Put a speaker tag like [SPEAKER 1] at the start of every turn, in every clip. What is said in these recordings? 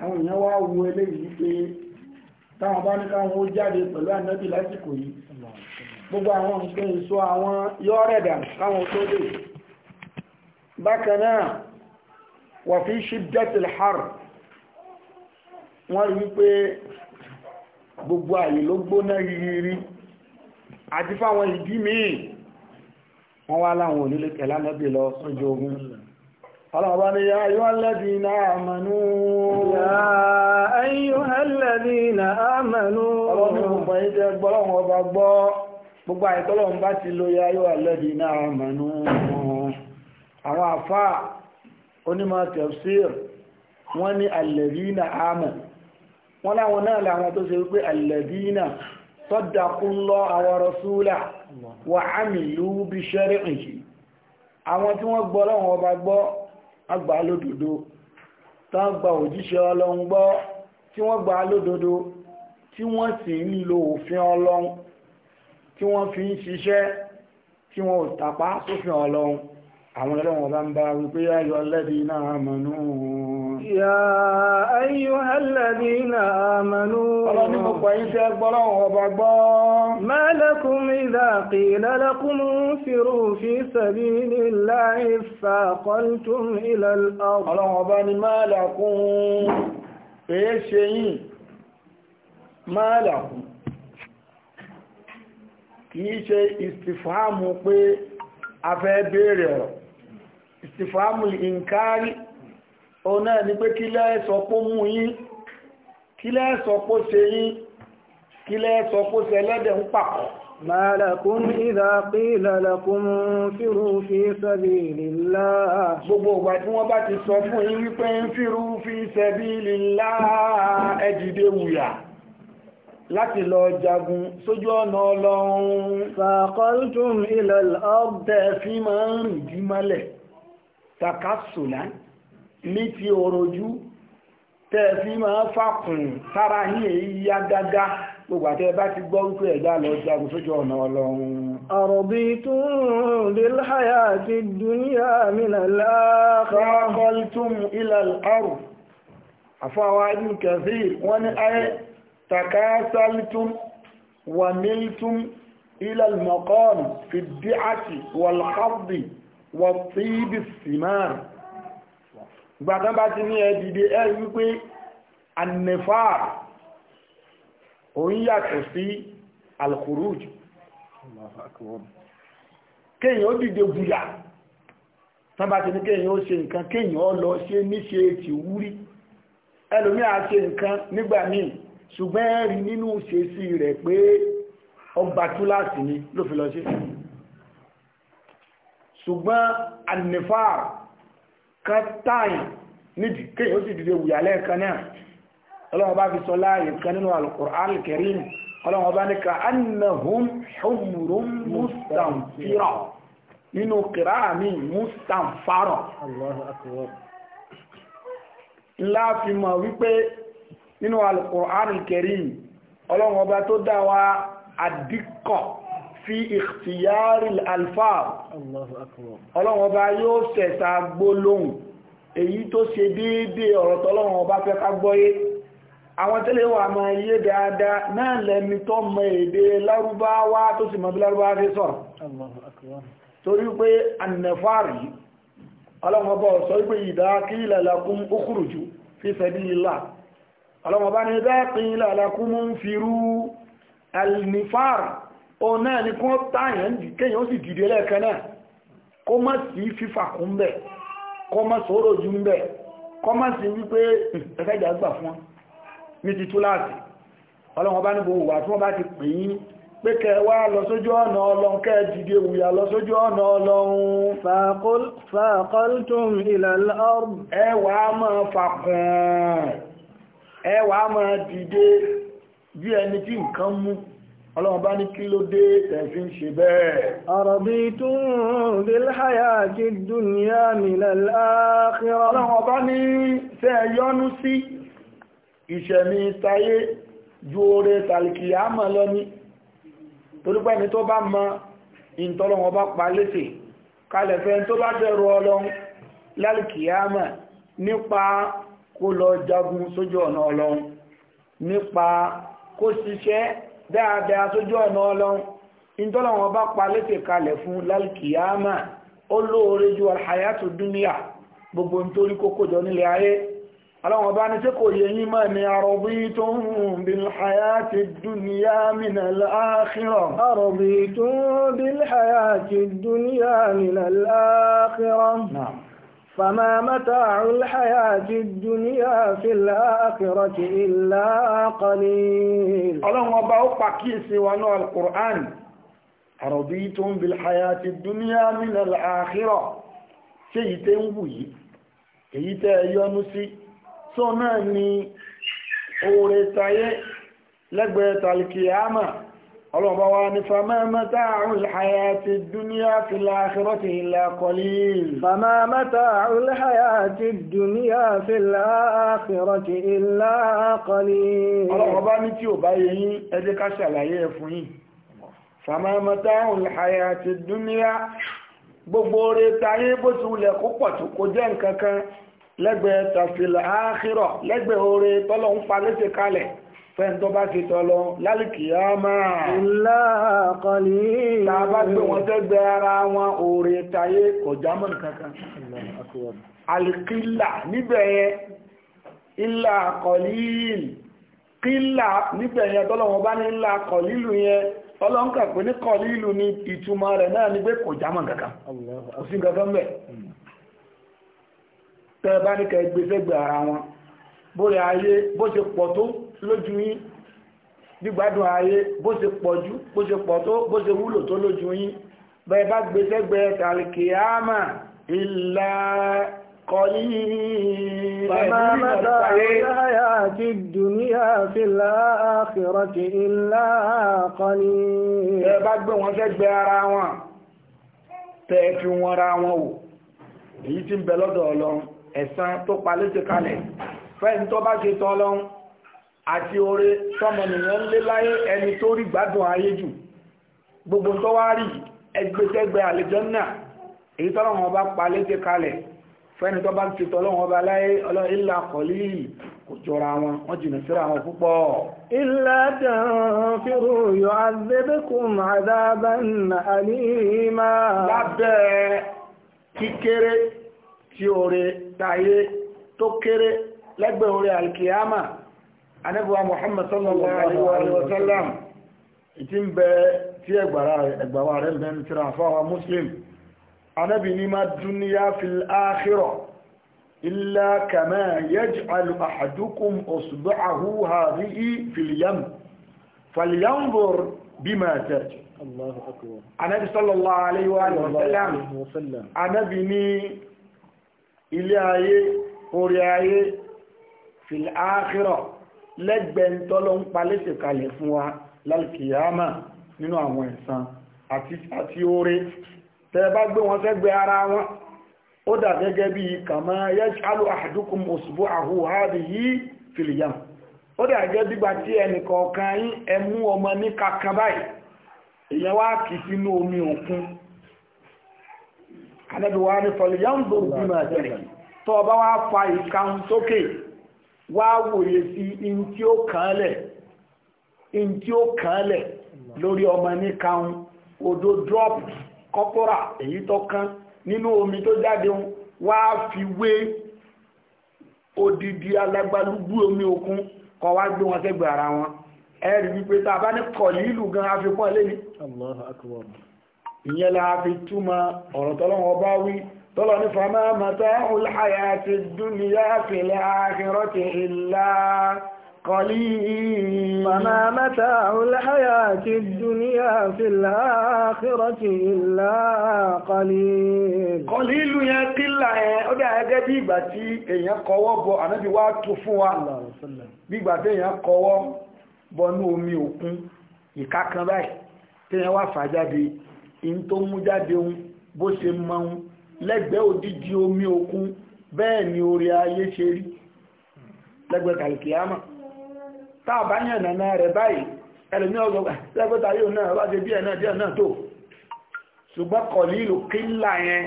[SPEAKER 1] àwọn èèyàn wá wo eléyìí pé táwọn bá ní káwọn ó jáde pẹ̀lú ànábì lásìkò yìí gbogbo àwọn nǹkan èso àwọn yọ́rẹ̀dà káwọn tó lè bákan náà wà fi shiddatil har wọ́n rí wípé gbogbo àyè ló gbóná rírí àti fáwọn ìdí míì wọ́n wá láwọn onílé tẹ̀lá nẹ́bì lọ sọ́jọ́ ogun فلغضب يا أيها الذين آمنوا يا أيها الذين آمنوا ọlọ́run pẹ̀lú jẹ́ gbọ́lọ́run ọba gbọ́ gbogbo àìtọ́lọ́run bá ti lo ya yóò lẹ́dí náà mẹ́nu àwọn àfáà onímọ̀ tafsir wọ́n ní alladhina amanu wọ́n láwọn náà làwọn tó ṣe wípé alladhina saddaqullaha wa rasulahu wa amilu bi shar'ihi àwọn tí wọ́n gbọ́lọ́run ọba gbọ́ agbà lódodo tá a gba òjíṣẹ́ ọlọ́run gbọ́ tí wọ́n gba lódodo tí wọ́n sì ń lo òfin ọlọ́run tí wọ́n fi ń ṣiṣẹ́ tí wọ́n ò tàpá sófin ọlọ́run àwọn ọlọ́run ọba ń bá wípé ayọ̀ lẹ́bi náà mọ̀nú òun. يا أيها الذين آمنوا ما لكم إذا قيل لكم انفروا في سبيل الله فاقلتم إلى الأرض ما لكم إيش شيء ما لكم kìí ṣe ìsìfàámù pé a fẹ́ béèrè ọ̀rọ̀ ìsìfàámù ìǹkárí òun náà ni pé kí lẹ́ẹ̀sọ pó mú yín kí lẹ́ẹ̀sọ pó ṣe yín kí lẹ́ẹ̀sọ pó ṣe ẹlẹ́dẹ̀ ń pàkọ́ ما لكم إذا قيل لكم انفروا في سبيل الله gbogbo ìgbà tí wọ́n bá ti sọ fún yín wípé انفروا في سبيل الله ẹ dìde wùyà láti lọ jagun sójú ọ̀nà ọlọ́run فأقلتم إلى الأرض fi máa ń rìn dí mọ́lẹ̀ takasùlán ní ti òròjú tẹ́ fi máa fàkùn tára yín èyí yá gágá gbogbo àti ẹbá ti gbọ́ wípé ẹ̀dá lọ jagun sójú ọ̀nà ọlọ́run àrọ̀bí tún lèláyà àti dúníà mìnàláàkọ́ kọ́lítún gbàtán bá ti ní ẹdìdì ẹ wípé anifar òun yàtọ̀ sí alkuruj kéèyàn ó dìde gbùyà tán bá ti ní kéèyàn ó ṣe nǹkan kéèyàn ó lọ ṣe níṣe ti wúrí ẹlòmí á ṣe nǹkan nígbà míì ṣùgbọ́n rí nínú ṣèṣì rẹ̀ pé ọgbà túláàsì ni ló fi lọ ṣe ṣùgbọ́n anifar kan táyì nídìí kéyìn ó sì dìde wùyà lẹ́ẹ̀kan náà ọlọ́wọ́n bá fi sọ láàyè kan nínú al-Qur'an al-Karim ọlọ́wọ́n bá ní ka annahum humrun mustanfira nínú kìrá mi mustanfara ńlá wípé nínú al-Qur'an al bá tó dá wa fi ìtìyàrí alfáà ọlọ́wọ́n bá yóò sẹ̀ta gbólóhùn èyí tó ṣe déédé ọ̀rọ̀ tọ́lọ́wọ́n bá fẹ́ ká gbọ́yé àwọn tẹ́lẹ̀ wà máa yé dáadáa náà lẹ́mi tó mọ èdè lárúbáwá tó sì mọ̀ bí lárúbáwá fi sọ̀rọ̀ torí pé annafari ọlọ́wọ́n bá sọ pé ìdákílẹ̀ lakum ukhruju fi sabilillah ọlọ́wọ́n bá ní ìdákílẹ̀ lakum ń firú alnifar òun náà ni kó táyàn kéyàn sì dìde lẹ́ẹ̀kan náà kó má sí fífà kún bẹ̀ kó má sọ̀rọ̀ jù ń bẹ̀ kó má sí wípé hmm, ẹ̀fẹ́jà gbà fún wọn ní ti túláàsì ọlọ́wọ́n bá ní gbogbo wà tí wọ́n bá ti bí ẹni tí nǹkan mú ọlọ́run bá ní kí ló dé tẹ̀fí ń ṣe bẹ́ẹ̀. àrọ̀bí tún bíláyà ti dúnìyà mílẹ̀ láàkírọ̀. ọlọ́run bá ní tẹ́ yọ́nú sí ìṣẹ̀mí tayé ju oore tàlìkì àmọ́ lọ ní torípẹ́ ni tó bá mọ ìntọ́lọ́wọ́n bá pa léṣe kalẹ̀ tó bá dẹ̀rọ ọlọ́run lálìkì àmọ́ nípa kó lọ jagun sójú ọ̀nà ọlọ́run nípa kó ṣiṣẹ́ dáadáa sójú ọ̀nà ọlọ́run ìtọ́lọ̀wọ̀n bá pa létè kalẹ̀ fún lálkìyàmà ó lóore ju alhayatu dúníà gbogbo nítorí kókòjọ nílé ayé aláwọn bá ní tí kò yẹ yí máa ní araditum bil hayati dúníà minal akhirah araditum bil hayati dúníà minal akhirah فما متاع الحياة الدنيا في الآخرة إلا قليل ọlọ́run ọba ó pàkíyèsí wa náà al-Qur'an àrọ̀bítún bilhayati duniya min al-akhirah ṣe èyí tẹ́ ń wù yìí èyí tẹ́ yọnu sí sọ náà ni oore tayé lẹ́gbẹ̀ẹ́ tàlkìyàmà ọlọ́ọ̀bá wa ní fàmáàmátà àrùlháyà ti dúníà fi láàkírọ́tì ìlà kọlíl. fàmáàmátà àrùlháyà ti dúníà fi láàkírọ́tì ìlà kọlíl. ọlọ́ọ̀bá ní tí ò bá yẹ yín ẹ jẹ́ ká ṣàlàyé ẹ̀ fún yín. fàmáàmátà àrùlháyà ti dúníà gbogbo oore tayé bó ti wulẹ̀ kó tó kó jẹ́ nǹkan lẹ́gbẹ̀ẹ́ tàfìlà áàkírọ̀ lẹ́gbẹ̀ẹ́ oore tọ́lọ́ ń pa léṣe kalẹ̀ fẹ́ni tó bá ti tọ́lọ lálìkìyà máa láàkọlì tàbá pé wọ́n tẹ́gbẹ́ ara wọn oore tayé kò jámọ̀ kankan alìkílà níbẹ̀ yẹn ilà kọlìl kílà níbẹ̀ yẹn tọ́lọ wọn bá ní ilà kọlìlù yẹn ọlọ́nkà pé ní kọlìlù ni ìtumọ̀ rẹ̀ náà ní pé kò jámọ̀ kankan kò sí kankan bẹ̀ hmm. tẹ́ bá ní kẹ́ gbèsè gbẹ̀ ara wọn bó lè bó ṣe pọ̀ tó lójú yín gbígbádùn ayé bó ṣe pọ̀ jú bó ṣe pọ̀ tó bó ṣe wúlò tó lójú yín bẹ́ẹ̀ bá gbé sẹ́gbẹ́ tàlìkìyàmà ìlà kọlí Fàmá mẹ́ta àyà ti dùníyà fi láàkìrọ̀ ti ìlà kọlí. Bẹ́ẹ̀ bá gbé wọn sẹ́gbẹ́ ra wọn wò, èyí tí ń bẹ Ọlọ́run, ẹ̀san tó palẹ́sẹ̀ kalẹ̀, fẹ́ni tó bá ṣe tán Ọlọ́run àti oore tọmọnìyàn lé láyé ẹni tó rí gbádùn ayé jù gbogbo tó wá rí ẹgbẹ́tẹ́gbẹ́ àlùjánnà èyí tọ́lọ́wọ́n ọba pa létí kalẹ̀ fẹ́ni tó bá ń ti tọ́lọ́wọ́n ọba láyé ọlọ́run ìlà kọ̀lí kò jọra wọn wọ́n jìnà síra wọn púpọ̀. lẹ́gbẹ̀ẹ́ oore alkiyama anẹ́bùwa Muhammad sallallahu alaihi wa sallam ìtí ń bẹ tí ẹgbàwà rẹ̀ bẹ ń tira fáwa muslim anẹ́bì ní ma dúníyà fil akhirah illa kama yaj'alu ahadukum usbu'ahu hadhihi fil yam falyanzur bima tajid anẹ́bì sallallahu alaihi wa sallam anẹ́bì ní ilé ayé orí ayé fil akhirah lẹ́gbẹ̀ẹ́ tọ́lọ́ ń palẹ́sẹ̀ kalẹ̀ fún wa lálùkìyàmà nínú àwọn ẹ̀san àti oore tẹ́ bá gbé wọn sẹ́gbẹ̀ẹ́ ara wọn ó dà gẹ́gẹ́ bí kàmá yẹ́ṣálù àdúkùn òṣùbò àhúhádì yìí fìlìyàn ó dà gẹ́gẹ́ bí gbàtí ẹnìkọ̀ọ̀kan yín ẹmú ọmọ ní kankan báyìí èèyàn wá kì wá wòye sí in tí ó kàálẹ̀ in tí ó kàálẹ̀ lórí ọmọ ní kaun odò drop kọ́pọ́rà èyí tó kán nínú omi tó jáde wá fi wé odidi alágbálúgbú omi òkun kọ wá gbé wọn sẹ́gbẹ̀ ara wọn ẹ̀rì wípé tá a bá ní kọ̀lì ìlú gan afikún ẹlẹ́ni ìyẹn la fi túmọ̀ ọ̀rọ̀ tọ́lọ́wọ́ bá wí tọ́lọ ní fama mata'ul hayatid dunya fil akhirati illa قليل وما متاع الحياة الدنيا في الآخرة إلا قليل قليل yẹn قلة yẹn ó dà gẹ́gẹ́ bí ìgbà tí èèyàn kọwọ́ bọ ànábì wá tó fún wa bí ìgbà tí èèyàn kọwọ́ bọnú omi òkun ìka báyìí tí èèyàn wá fà jáde bó ṣe mọ́ lẹ́gbẹ̀ẹ́ òdíjí omi òkun bẹ́ẹ̀ ni orí ayé ṣe rí lẹ́gbẹ̀ẹ́ kàlùkìyàmà táà bá yàn nàná rẹ̀ báyìí ẹlùmí ọgbọ̀gbà lẹ́gbẹ̀ta yóò náà bá ṣe díẹ̀ náà díẹ̀ náà tó ṣùgbọ́n kọ̀lílù kílà yẹn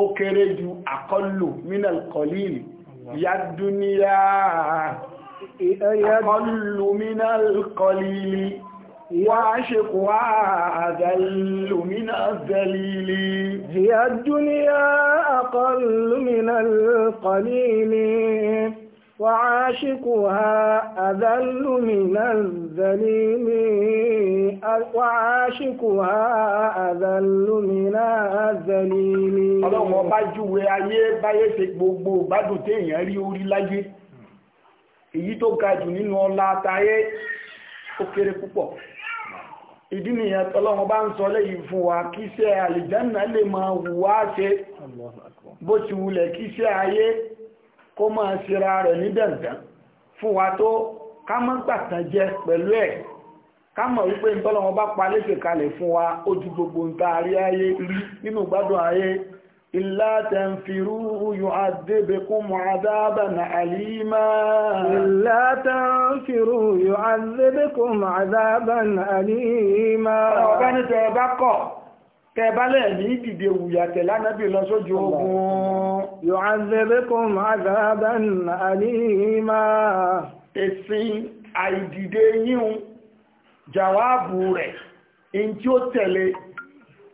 [SPEAKER 1] ó kéré ju àkọlù mínal kọ̀lílì وعشقها أذل من الذليل هي الدنيا أقل من القليل وعاشقها أذل من الذليل وعاشقها أذل من الذليل ọlọ́run ọba júwe ayé báyé ṣe gbogbo gbádùn téèyàn rí orí láyé èyí tó ga jù nínú ọlá àtayé ó kéré púpọ̀ ìdí nìyẹn tọ́lọ́wọ́n bá ń sọ lẹ́yìn fún wa kí iṣẹ́ àlìjánà lè máa wùwá ṣe bó ti wulẹ̀ kí iṣẹ́ ayé kó máa ṣera rẹ̀ ní dandan fún wa tó ká má gbàtàn jẹ pẹ̀lú ẹ̀ ká mọ̀ wípé tọ́lọ́wọ́n bá pa léṣe kalẹ̀ fún wa ó gbogbo ń ta ayé rí nínú gbádùn ayé إلا تنفروا يعذبكم عذابا أليما إلا تنفروا يعذبكم عذابا أليما ọ̀gbẹ́ni tẹ́ bá kọ̀ tẹ́ bá lẹ̀ ní ìdìde wùyàtẹ̀ lánàbí lọ sójú ogun يعذبكم عذابا أليما ẹ̀sìn àìdìde yíhun jàwáàbù rẹ̀ in tí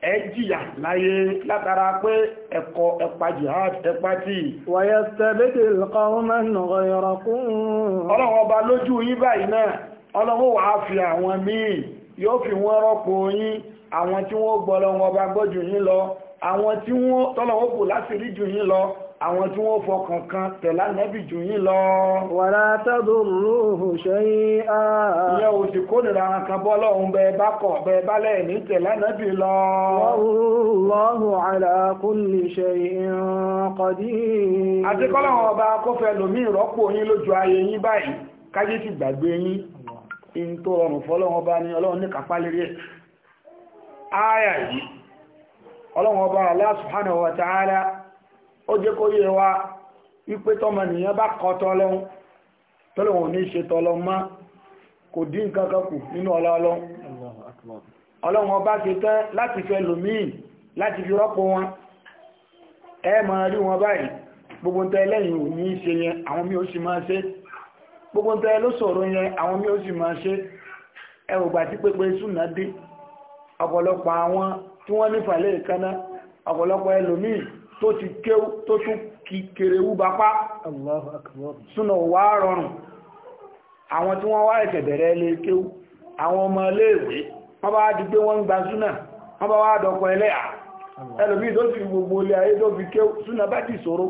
[SPEAKER 1] ẹ latara láyé látara pé ẹ̀kọ́ ẹ̀pà jihad ẹ̀pà tí wàyẹ̀ tẹ̀lẹ́dẹ̀ ìlọ́kọ̀ọ́mọ́ nọ̀rọ̀ ìrọ̀kún ọlọ́run lójú báyìí fi àwọn yóò fi àwọn tí wọ́n gbọ́ àwọn tí wọ́n tọ́lọ́wọ́ láti àwọn tí wọ́n fọkàn kan tẹ̀lá nẹ́bì jù yín lọ wàrá tadurruhu shay'a ìyẹ́ ò sì kónìra kan bọ́ lọ́hun bẹ bá kọ̀ bẹ bá lẹ́ẹ̀ tẹ̀lá nẹ́bì lọ wallahu ala kulli ọlọ́run ọba Allah subhanahu wa ta'ala ó jẹ́ kó yé wa wípé tọmọnìyàn bá kọ̀ tọ́lọ́hún tọ́lọ́hún ò ní ṣe tọ́lọ́hún mọ́ kò dín nǹkan kan kù nínú ọlọ́ọ̀lọ́hún ọlọ́run ọba ṣe tán láti fẹ́ lòmíì láti fi rọ́pò wọn ẹ máa rí wọn báyìí gbogbo tẹ lẹ́yìn ò ní ṣe yẹn àwọn mí ó sì máa ṣe gbogbo tẹ ló sọ̀rọ̀ yẹn àwọn mí ó sì máa ṣe ẹ ò tí pépé súnà dé ọ̀pọ̀lọpọ̀ àwọn tí wọ́n nífàlẹ́ ìkaná ọ̀pọ̀lọpọ̀ ẹlòmíì tó ti kéw tó tún kí kèrèwú bá pá súnà wá rọrùn àwọn tí wọ́n wá ẹ̀sẹ̀ bẹ̀rẹ̀ ilé kéw àwọn ọmọ iléèwé wọ́n bá di pé wọ́n ń gba súnà wọ́n bá wá dọ̀kọ̀ ẹlẹ́yà ẹlòmíì tó fi gbogbo ilé ayé tó fi kéw súnà bá ti ṣòro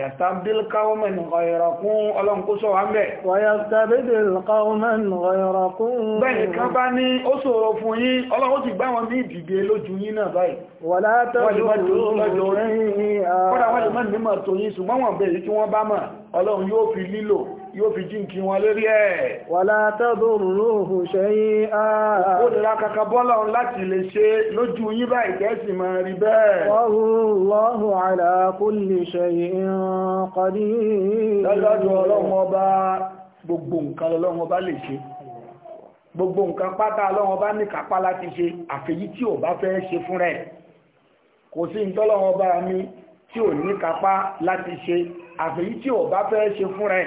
[SPEAKER 1] yàtàbdìl káwọ́mẹ̀n ọ̀yọ̀rọ̀kún ọlọ́nkóṣọ́ wa ń bẹ̀. wàyàtàbdìl káwọ́mẹ̀n ọ̀yọ̀rọ̀kún. bẹ́ẹ̀ni kan bá ní ó ṣòro fún yín ọlọ́run ti gbá wọn ní ìdìde lójú yóò fi jíǹkí wọn lórí ẹ̀. wàlá tadurruhu shay'a. ó nira kaka bọ́lá òun láti lè ṣe lójú yín báyìí kẹ́sì máa rí bẹ́ẹ̀. wallahu ala kulli shay'in qadir. lọ́dọ̀ ọlọ́run ọba gbogbo nǹkan lọ́lọ́run ọba lè ṣe gbogbo nǹkan pátá ọlọ́run ọba ní kápá láti ṣe àfẹ́yí tí ò bá fẹ́ ṣe fún rẹ̀ kò sí ntọ́lọ́run ọba mi tí ò ní kápá láti ṣe àfẹ́yí tí ò bá fẹ́ ṣe fún rẹ̀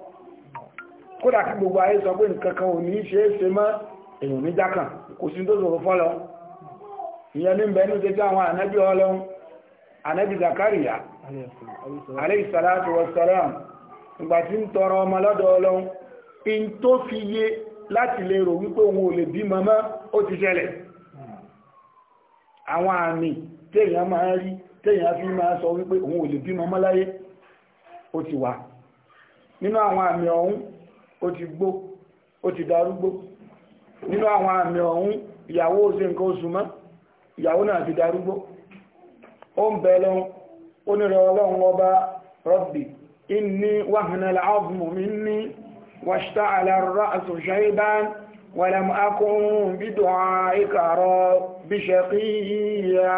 [SPEAKER 1] kódà kí gbogbo ayé sọ pé nǹkan kan ò ní ṣe é ṣe mọ́ èèyàn ní jákàn kò sí tó sọ̀rọ̀ fọ́lọ ìyẹn ní bẹ̀ẹ́ ní ṣe tí àwọn ànábì ọlọ́run ànábì Zakariya alayhi salatu wassalam ìgbà tí ń tọrọ ọmọ lọ́dọ̀ ọlọ́run in tó fi yé láti lè rò wípé òun ò lè bímọ mọ́ ó ti ṣẹlẹ̀ àwọn àmì téèyàn máa rí téèyàn fi máa sọ wípé òun ò lè bímọ mọ́ láyé ó ti wà nínú àwọn àmì ọ̀hún ó ti gbó ó ti darúgbó nínú àwọn àmì ọ̀hún ìyàwó nke nǹkan oṣù mọ́ ìyàwó náà ti darúgbó ó ń bẹ lọ́hún ó ní ọlọ́run ọba rọ́bì inni wahana al'azmu minni washta ala ra'su shayban wa lam akun bi du'aika rabbi shaqiya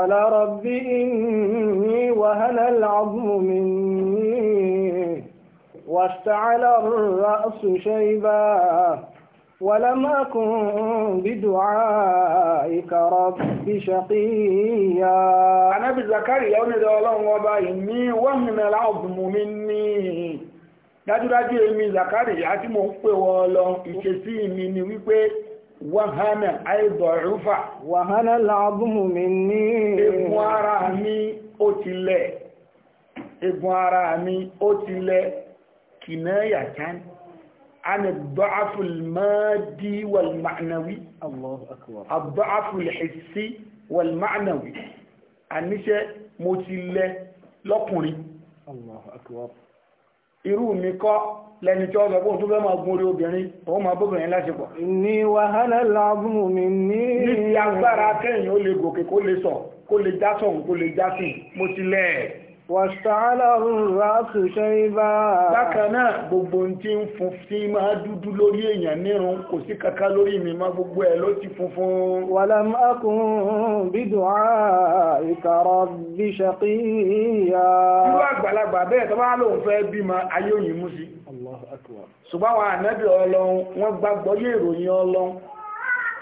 [SPEAKER 1] ala inni واستعل الرأس شيبا ولم أكن بدعائك رب شقيا أنا بزكريا ونزل الله وبايمي ومن العظم مني dájúdájú èmi Zakariya tí mo ń pè wọ lọ ìṣesí mi ni wípé wàhánà àìbọ̀rúfà wàhánà làbùmù mi ní egun egun ara mi ó ti lẹ̀ كناية كان عن الضعف المادي والمعنوي الله أكبر الضعف الحسي والمعنوي àníṣẹ́ mo ti lẹ lọ́kùnrin
[SPEAKER 2] Allahu akbar
[SPEAKER 1] irú mi kọ́ lẹni tí ó sọ fún tó fẹ́ máa gún orí obìnrin òun máa bóbìnrin láṣepọ̀ ní wàhálà láàbùn mi ní ní ti agbára kẹ́yìn ó lè gòkè kó lè sọ kó lè já sọ̀hún kó lè wàṣàálà ràásù ṣẹ́ibá bákanáà gbogbo tí ń funfin máa dúdú lórí èèyàn nírun kò sí kaka lórí mi má gbogbo ẹ̀ ló ti funfun wàlám akùn bídùn á ìkàrọ̀ bí ṣàkíyà irú àgbàlagbà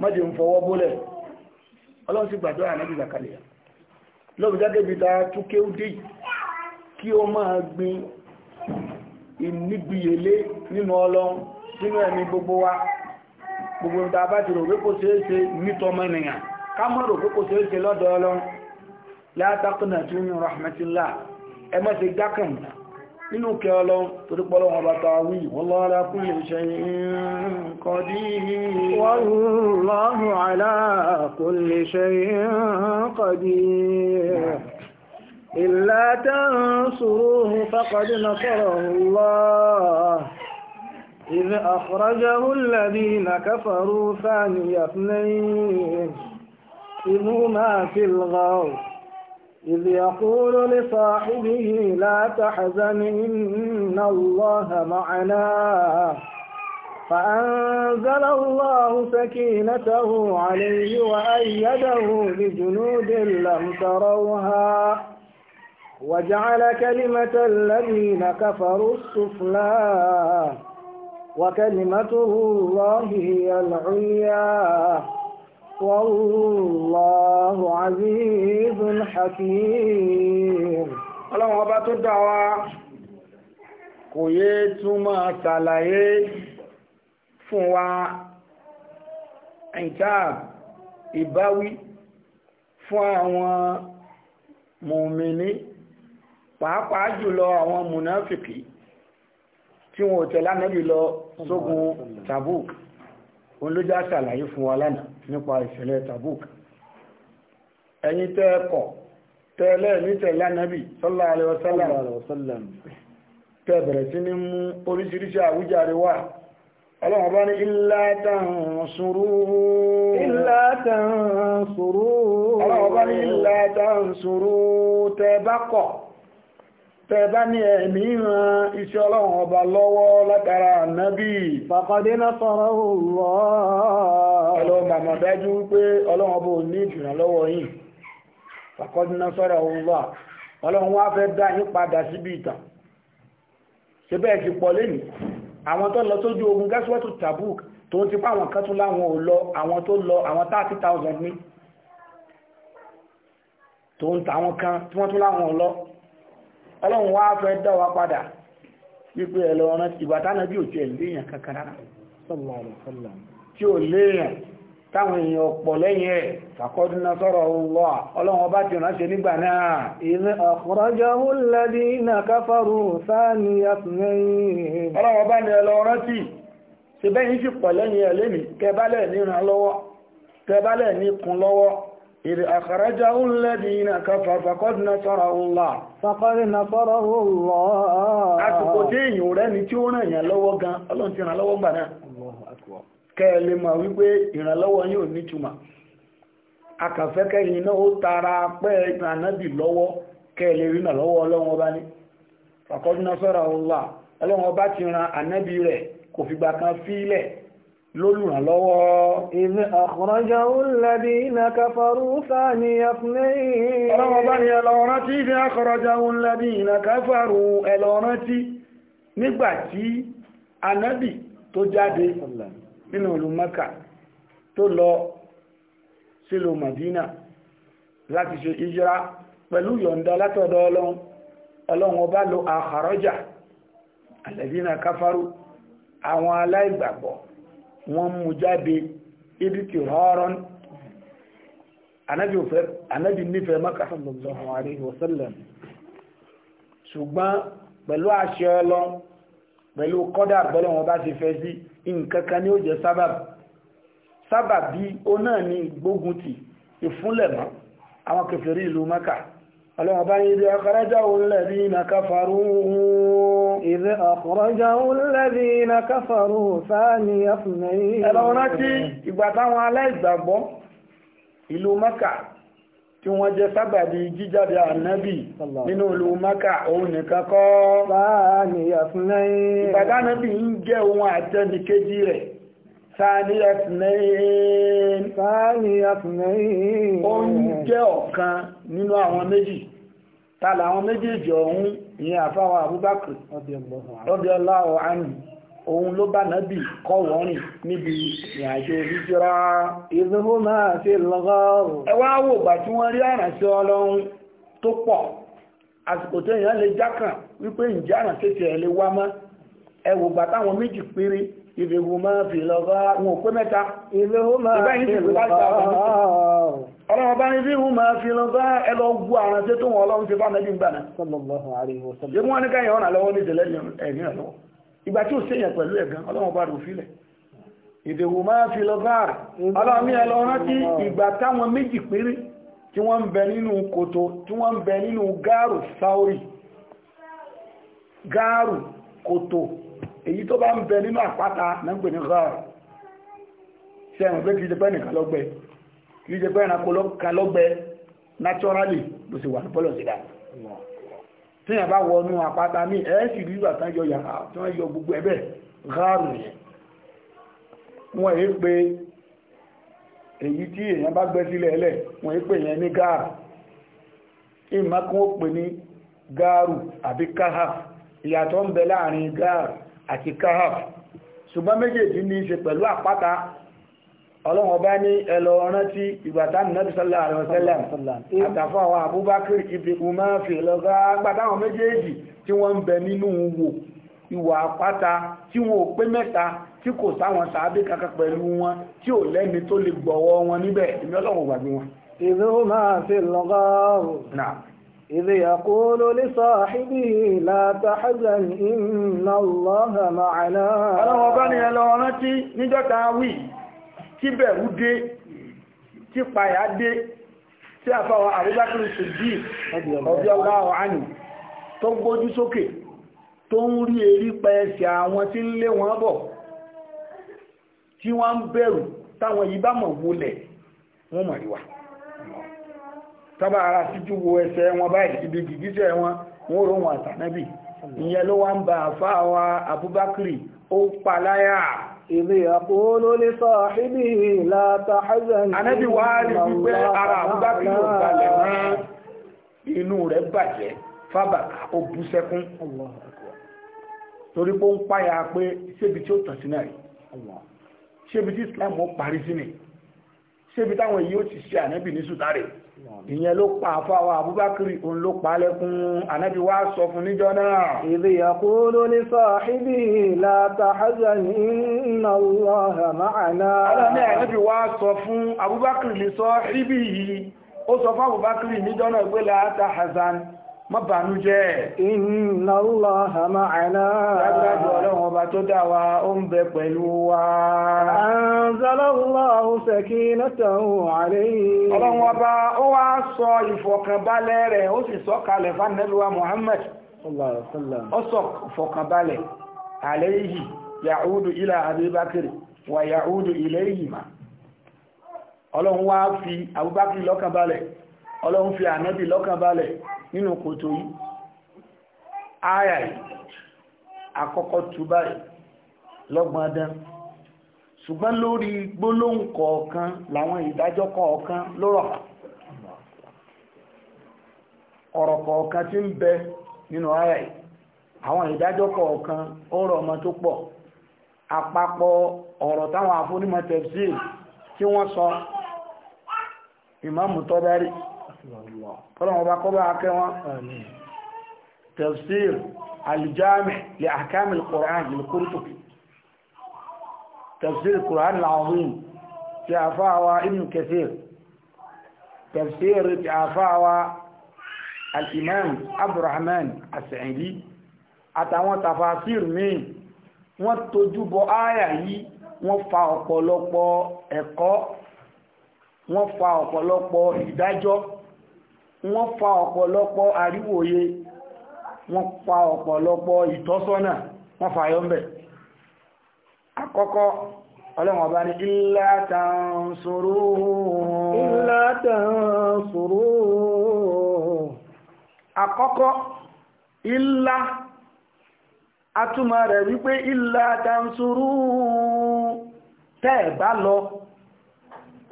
[SPEAKER 1] mọ́jẹ̀ ń fọwọ́ bólẹ̀ ọlọ́run sì gbàdúrà náà ya kalẹ̀ lọ́bìdágé túnkẹ́ ó dé kí ó máa gbin ìnígbìyèlé nínú ọlọ́run nínú ẹ̀mí gbogbo wa gbogbo ta bá ti rò kò ṣeé nítọmọ ènìyàn ká mọ́ rò kò lọ́dọ̀ ọlọ́run látàkùnà tí ó nínú kẹ ọlọ́run torí pọ́lọ́ wọn bá ta wí wallahu ala kulli shay'in qadir wallahu ala kulli shay'in qadir illa tansuruhu faqad nasarahu Allah إذ أخرجه الذين كفروا ثاني اثنين إذ هما في الغار إذ يقول لصاحبه لا تحزن إن الله معنا فأنزل الله سكينته عليه وأيده بجنود لم تروها وجعل كلمة الذين كفروا السفلى وكلمته الله هي العليا Wallahu azizun hakim. Ọlọ́run ọba tó dá wa kò yé tún máa ṣàlàyé fún wa ìjáàb ìbáwí fún àwọn mùmìnì pàápàá jùlọ àwọn mùnáfìkì tí wọn tẹ̀lá nẹ́bì lọ sógun Tabuk òun ló já ṣàlàyé fún wa lánàá nípa ìṣẹ̀lẹ̀ Tabuk ẹ̀yin tẹ́ kọ̀ tẹ́lẹ̀ ní tẹ̀lé ànábì sallallahu alaihi wasallam tẹ́ bẹ̀rẹ̀ sí ní mú oríṣiríṣi àwújáre wà ọlọ́run bá ní illa tansuruhu illa tansuruhu ọlọ́run bá ní tẹ̀bá ní ẹ̀mí ran iṣẹ́ ọlọ́run ọba lọ́wọ́ látara ànábì fàkọ́dé lọ́sọ̀rọ̀ òwúrọ̀ ọlọ́run màmá dájú pé ọlọ́run ọba ò ní ìdìrànlọ́wọ́ yìí fàkọ́dé lọ́sọ̀rọ̀ òwúrọ̀ ọlọ́run wá fẹ́ dá yín padà síbi ìtàn ṣe bẹ́ẹ̀ ti pọ̀ lẹ́nu àwọn tó lọ sójú ogun gẹ́sùwẹ́tù Tabuk tó ti pa àwọn kan tún láwọn ò lọ àwọn tó lọ àwọn 30,000 ní tó ń ta àwọn kan tí wọ́n tún láwọn ò lọ ọlọ́run wá fẹ́ dá wa padà wípé ẹ̀lọ ọ̀rán ìgbà tánà bí òtí ẹ̀léèyàn kankan rárá tí ó léèyàn táwọn èèyàn ọ̀pọ̀ lẹ́yìn ẹ̀ fàkọ́dúnná sọ́rọ̀ ọlọ́ ọlọ́run ọba ti ránṣẹ́ nígbà náà إذ أخرجه الذين كفروا فقد نصره الله فقد نصره الله أتقتين يوراني تيونا يلوى غان الله تيونا لوى بنا كلمة wípé ìrànlọ́wọ́ yóò nítumọ̀ akàfẹ́kẹ́ yìí náà ó tara pẹ́ ìrànábì lọ́wọ́ kẹ́ẹ̀lẹ̀ rí náà lọ́wọ́ ọlọ́run ọba ní faqad nasarahu lólùrànlọ́wọ́. Ìdí àkùnránjẹ́ òlẹ́bí iná kẹfàrú sáàni ẹfúnlẹ́yìn. Ọlọ́wọ́ bá ní ẹlọ́rán tí ìdí àkùnránjẹ́ òlẹ́bí iná kẹfàrú ẹlọ́rán tí nígbàtí anábì tó jáde nínú ìlú Mẹ́kà tó lọ sílò Màdínà láti ṣe ìjírá pẹ̀lú yọ̀ǹda látọ̀dọ̀ Ọlọ́run Ọlọ́run ọba lo àkàrọ́jà àlẹ́bí iná kẹfàrú àwọn aláìgbàgbọ́ wọ́n mú jáde ibi tí rọ́rọ́n anábì nífẹ̀ẹ́ Mákà sallallahu alaihi wa sallam ṣùgbọ́n pẹ̀lú àṣẹ ọlọ́ pẹ̀lú kọ́dà pẹ̀lú wọn bá ti fẹ́ sí nǹkankan ní ó jẹ́ sábàbí sábàbí ó náà ní ìgbógun ti ìfúnlẹ̀mọ́ àwọn kèfèrí ìlú Mákà الأبا إذ أخرجه الذين كفروا إذ أخرجه الذين كفروا ثاني اثنين ẹ̀rọ rántí ìgbà táwọn aláìgbàgbọ́ ìlú mẹ́kà tí wọ́n jẹ́ sábàbí jíjáde ànábì nínú ìlú mẹ́kà òun nìkan kọ́ ثاني اثنين ìgbà tánábì ń jẹ́ ohun àtẹnìkejì rẹ̀ ثاني اثنين ثاني اثنين ó ń jẹ́ ọ̀kan nínú àwọn méjì ta làwọn méjèèjì ọ̀hún ìyẹn àfáwà Abubakar radiyallahu ọ̀hánì ohun ló bá nábì kọ́ rìn níbi ìrìnàjò hijira ìzúhú náà fi lọ́gọ́rù ẹwà wò gbà tí wọ́n rí àrànṣẹ́ ọlọ́run tó pọ̀ àsìkò tó èèyàn lè jákàn wípé àrànṣẹ́ lè wá Ibi máa fi lọ́gbà wọn pé mẹ́ta ọlọ́wọ́ bá ní bí wọ́n máa fi lọ́gbà ẹlọ gbú àrùn tí tó wọn ọlọ́run ti bá nẹ́bí gbàna jẹ́ mú wọn ní káyẹ̀ ọ̀nà lọ́wọ́ ní ìdẹ̀lẹ́ ẹ̀yìn ọ̀lọ́wọ́ ìgbà tí ó sẹ́yìn pẹ̀lú ẹ̀gán ọlọ́wọ́ bá rò fílẹ̀ ìdẹ̀wò máa fi lọ́gbà ọlọ́mí ẹlọ tí wọ́n ń bẹ nínú kòtò tí wọ́n ń bẹ nínú gáàrù sáórì gáàrù kòtò èyí tó bá ń bẹ nínú àpáta náà ń pè ní gáà ṣe ẹ̀rùn pé kìí jẹ pẹ́ nìkan kìí jẹ pẹ́ ẹranko naturally ló sì wà ní pọ́lọ̀ sídà tí yàn bá wọnú àpáta ní ẹ̀ẹ́sì rí ìgbà tán yọ yàrá tí wọ́n yọ gbogbo ẹ̀bẹ̀ gáàrù yẹn wọ́n èé pé èyí tí èèyàn bá gbẹ́ sílẹ̀ ẹlẹ̀ wọ́n ìyàtọ̀ ń bẹ láàrin gáàrù àti kahaf ṣùgbọ́n méjèèjì ní í ṣe pẹ̀lú àpáta ọlọ́run ọba ní ẹlọ rántí ìgbàtà nàbí sallallahu alaihi wasallam àtàfà àwọn abúbákìrì ibi umar fi lọ́gá gbàtàwọn méjèèjì tí wọ́n ń bẹ nínú wò ìwà àpáta tí wọn ò pé mẹ́ta tí kò sáwọn sàábé kankan pẹ̀lú wọn tí ò lẹ́ni tó lè gbọ̀wọ́ wọn níbẹ̀ ìmọ́lọ́run gbàgbé wọn. ìlú máa fi lọ́gá إذ يقول لصاحبه لا تحزن إن الله معنا ọlọ́wọ́ bá ní ẹlọ́wọ́ rántí níjọ́ta wí tí bẹ̀rù dé tí payà dé tí àfáwà àrígbákiri ṣùgbí ọ̀bí ọlá ọ̀hánì tó ń gbójú sókè tó ń rí erí pẹ̀ẹ́sì àwọn tí ń lé wọn bọ̀ tí wọ́n ń bẹ̀rù táwọn yìí bá mọ̀ wọlẹ̀ wọ́n mọ̀ rí wa tábà ara síjú wo ẹsẹ̀ wọn báyìí ibi gìgísẹ̀ wọn wọ́n rò wọn àtànẹ́bì ìyẹn ló wá ń ba àfa wa Abubakar ó paláyà ìbí àpòóló lè sọ ìbí látàhazan ànẹ́bì wá rí wípé ara Abubakar ò balẹ̀ rán inú rẹ̀ bàjẹ́ fábàkà ó bú sẹ́kún torí pé ó ń páyà pé ṣébi tí ó tàn sí náà rí ṣébi tí Islam ó parí sí ni ṣébi táwọn èyí ó ti ṣe ànẹ́bì ní sùtárẹ̀ ìyẹn ló pa àfáwà àbúbákiri òun ló pa lẹ́kún anábi wá sọ fún níjọ́ náà ìdí yaqulu li sahibihi la tahzan inna Allaha ma'ana alámi anábi wá sọ fún àbúbákiri li sahibihi ó sọ fún àbúbákiri níjọ́ náà pé la tahzan má bànújẹ́. inna Allaha ma'ana. dájúdájú ọlọ́run ọba tó dá wa ó ń bẹ pẹ̀lú wa. anzala Allahu sakinatahu alayhi. ọlọ́run ọba ó wá sọ ìfọ̀kànbalẹ̀ rẹ̀ ó sì sọ kalẹ̀ fanabiwa Muhammad. ó sọ ìfọ̀kànbalẹ̀ alayhi ila Abi wa ya'udu ilayhima. ọlọ́run wá fi lọ́kànbalẹ̀. ọlọ́run fi ànábì lọ́kàn balẹ̀ nínú kòtò yìí àyà yìí àkọ́kọ́ tú báyìí lọ́gbọ̀n adán ṣùgbọ́n lórí gbólóhùn kọ̀ọ̀kan làwọn ìdájọ́ kọ̀ọ̀kan lọ́rọ̀ ọ̀rọ̀ kọ̀ọ̀kan tí ń bẹ nínú àyà yìí àwọn ìdájọ́ kọ̀ọ̀kan ó ọmọ tó pọ̀ àpapọ̀ ọ̀rọ̀ táwọn afúnímọ̀ tẹ̀síì tí wọ́n sọ ìmáàmù tọ́bẹ́rí fọ́lọ́wọ́n bá kọ́ bá akẹ́ wọn tafsir aljami li ahkam alquran lil qurtubi tafsir alquran alazim ti afawa ibn kathir tafsir ti afawa al'imam abdurrahman as-sa'idi àtàwọn tafasir mi wọ́n tójú bọ áyà yìí wọ́n fa ọ̀pọ̀lọpọ̀ ẹ̀kọ́ wọ́n fa ọ̀pọ̀lọpọ̀ ìdájọ́ wọ́n fa ọ̀pọ̀lọpọ̀ àríwòye wọ́n fa ọ̀pọ̀lọpọ̀ ìtọ́sọ́nà wọ́n fa ayọ́mbẹ̀ àkọ́kọ́ ọlọ́run ọba ní illa tansuruhu illa tansuruhu àkọ́kọ́ illa atúmọ̀ rẹ̀ wípé illa tansuruhu tẹ́ẹ̀ bá lọ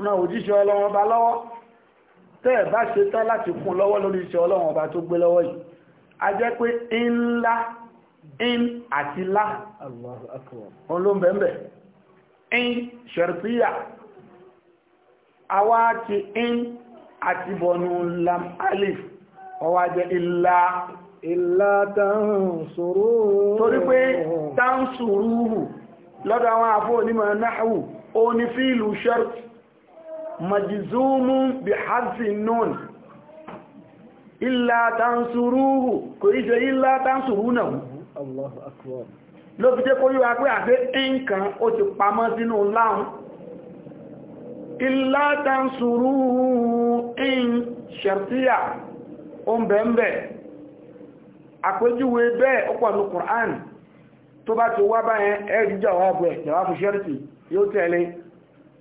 [SPEAKER 1] náà òjíṣẹ́ ọlọ́run tẹ́ ẹ̀ bá ṣe tán láti kún lọ́wọ́ lórí iṣẹ́ ọlọ́run ọba tó gbé lọ́wọ́ yìí a jẹ́ pé ńlá in àti lá òun ló ń bẹ̀ ń bẹ̀ in ṣẹ̀rìfíyà àwa ti in àti bọ̀nù lam alif ọwá jẹ́ ìlà ìlà tánṣòrò torí pé tánṣòrò lọ́dọ̀ àwọn àfọ́ onímọ̀ náà ó ní fíìlù ṣẹ́rìfíyà majzumun bi harfin nun illa tansuruhu kò rí ṣe illa tansurunahu Allahu akbar lo fi jẹ́ kó yíwa pé àfẹ́ ǹkan ó ti pamọ́ sínú láhùn illa tansuruhu in shartiya o ń be ń bẹ̀ àpéjúwe bẹ́ẹ̀ ó pọ̀ ní Qur'an to ba ti wa báyẹn ẹ̀rí jẹ́ àwọn àbẹ̀ ìjọba fún sharti yóò tẹ̀lé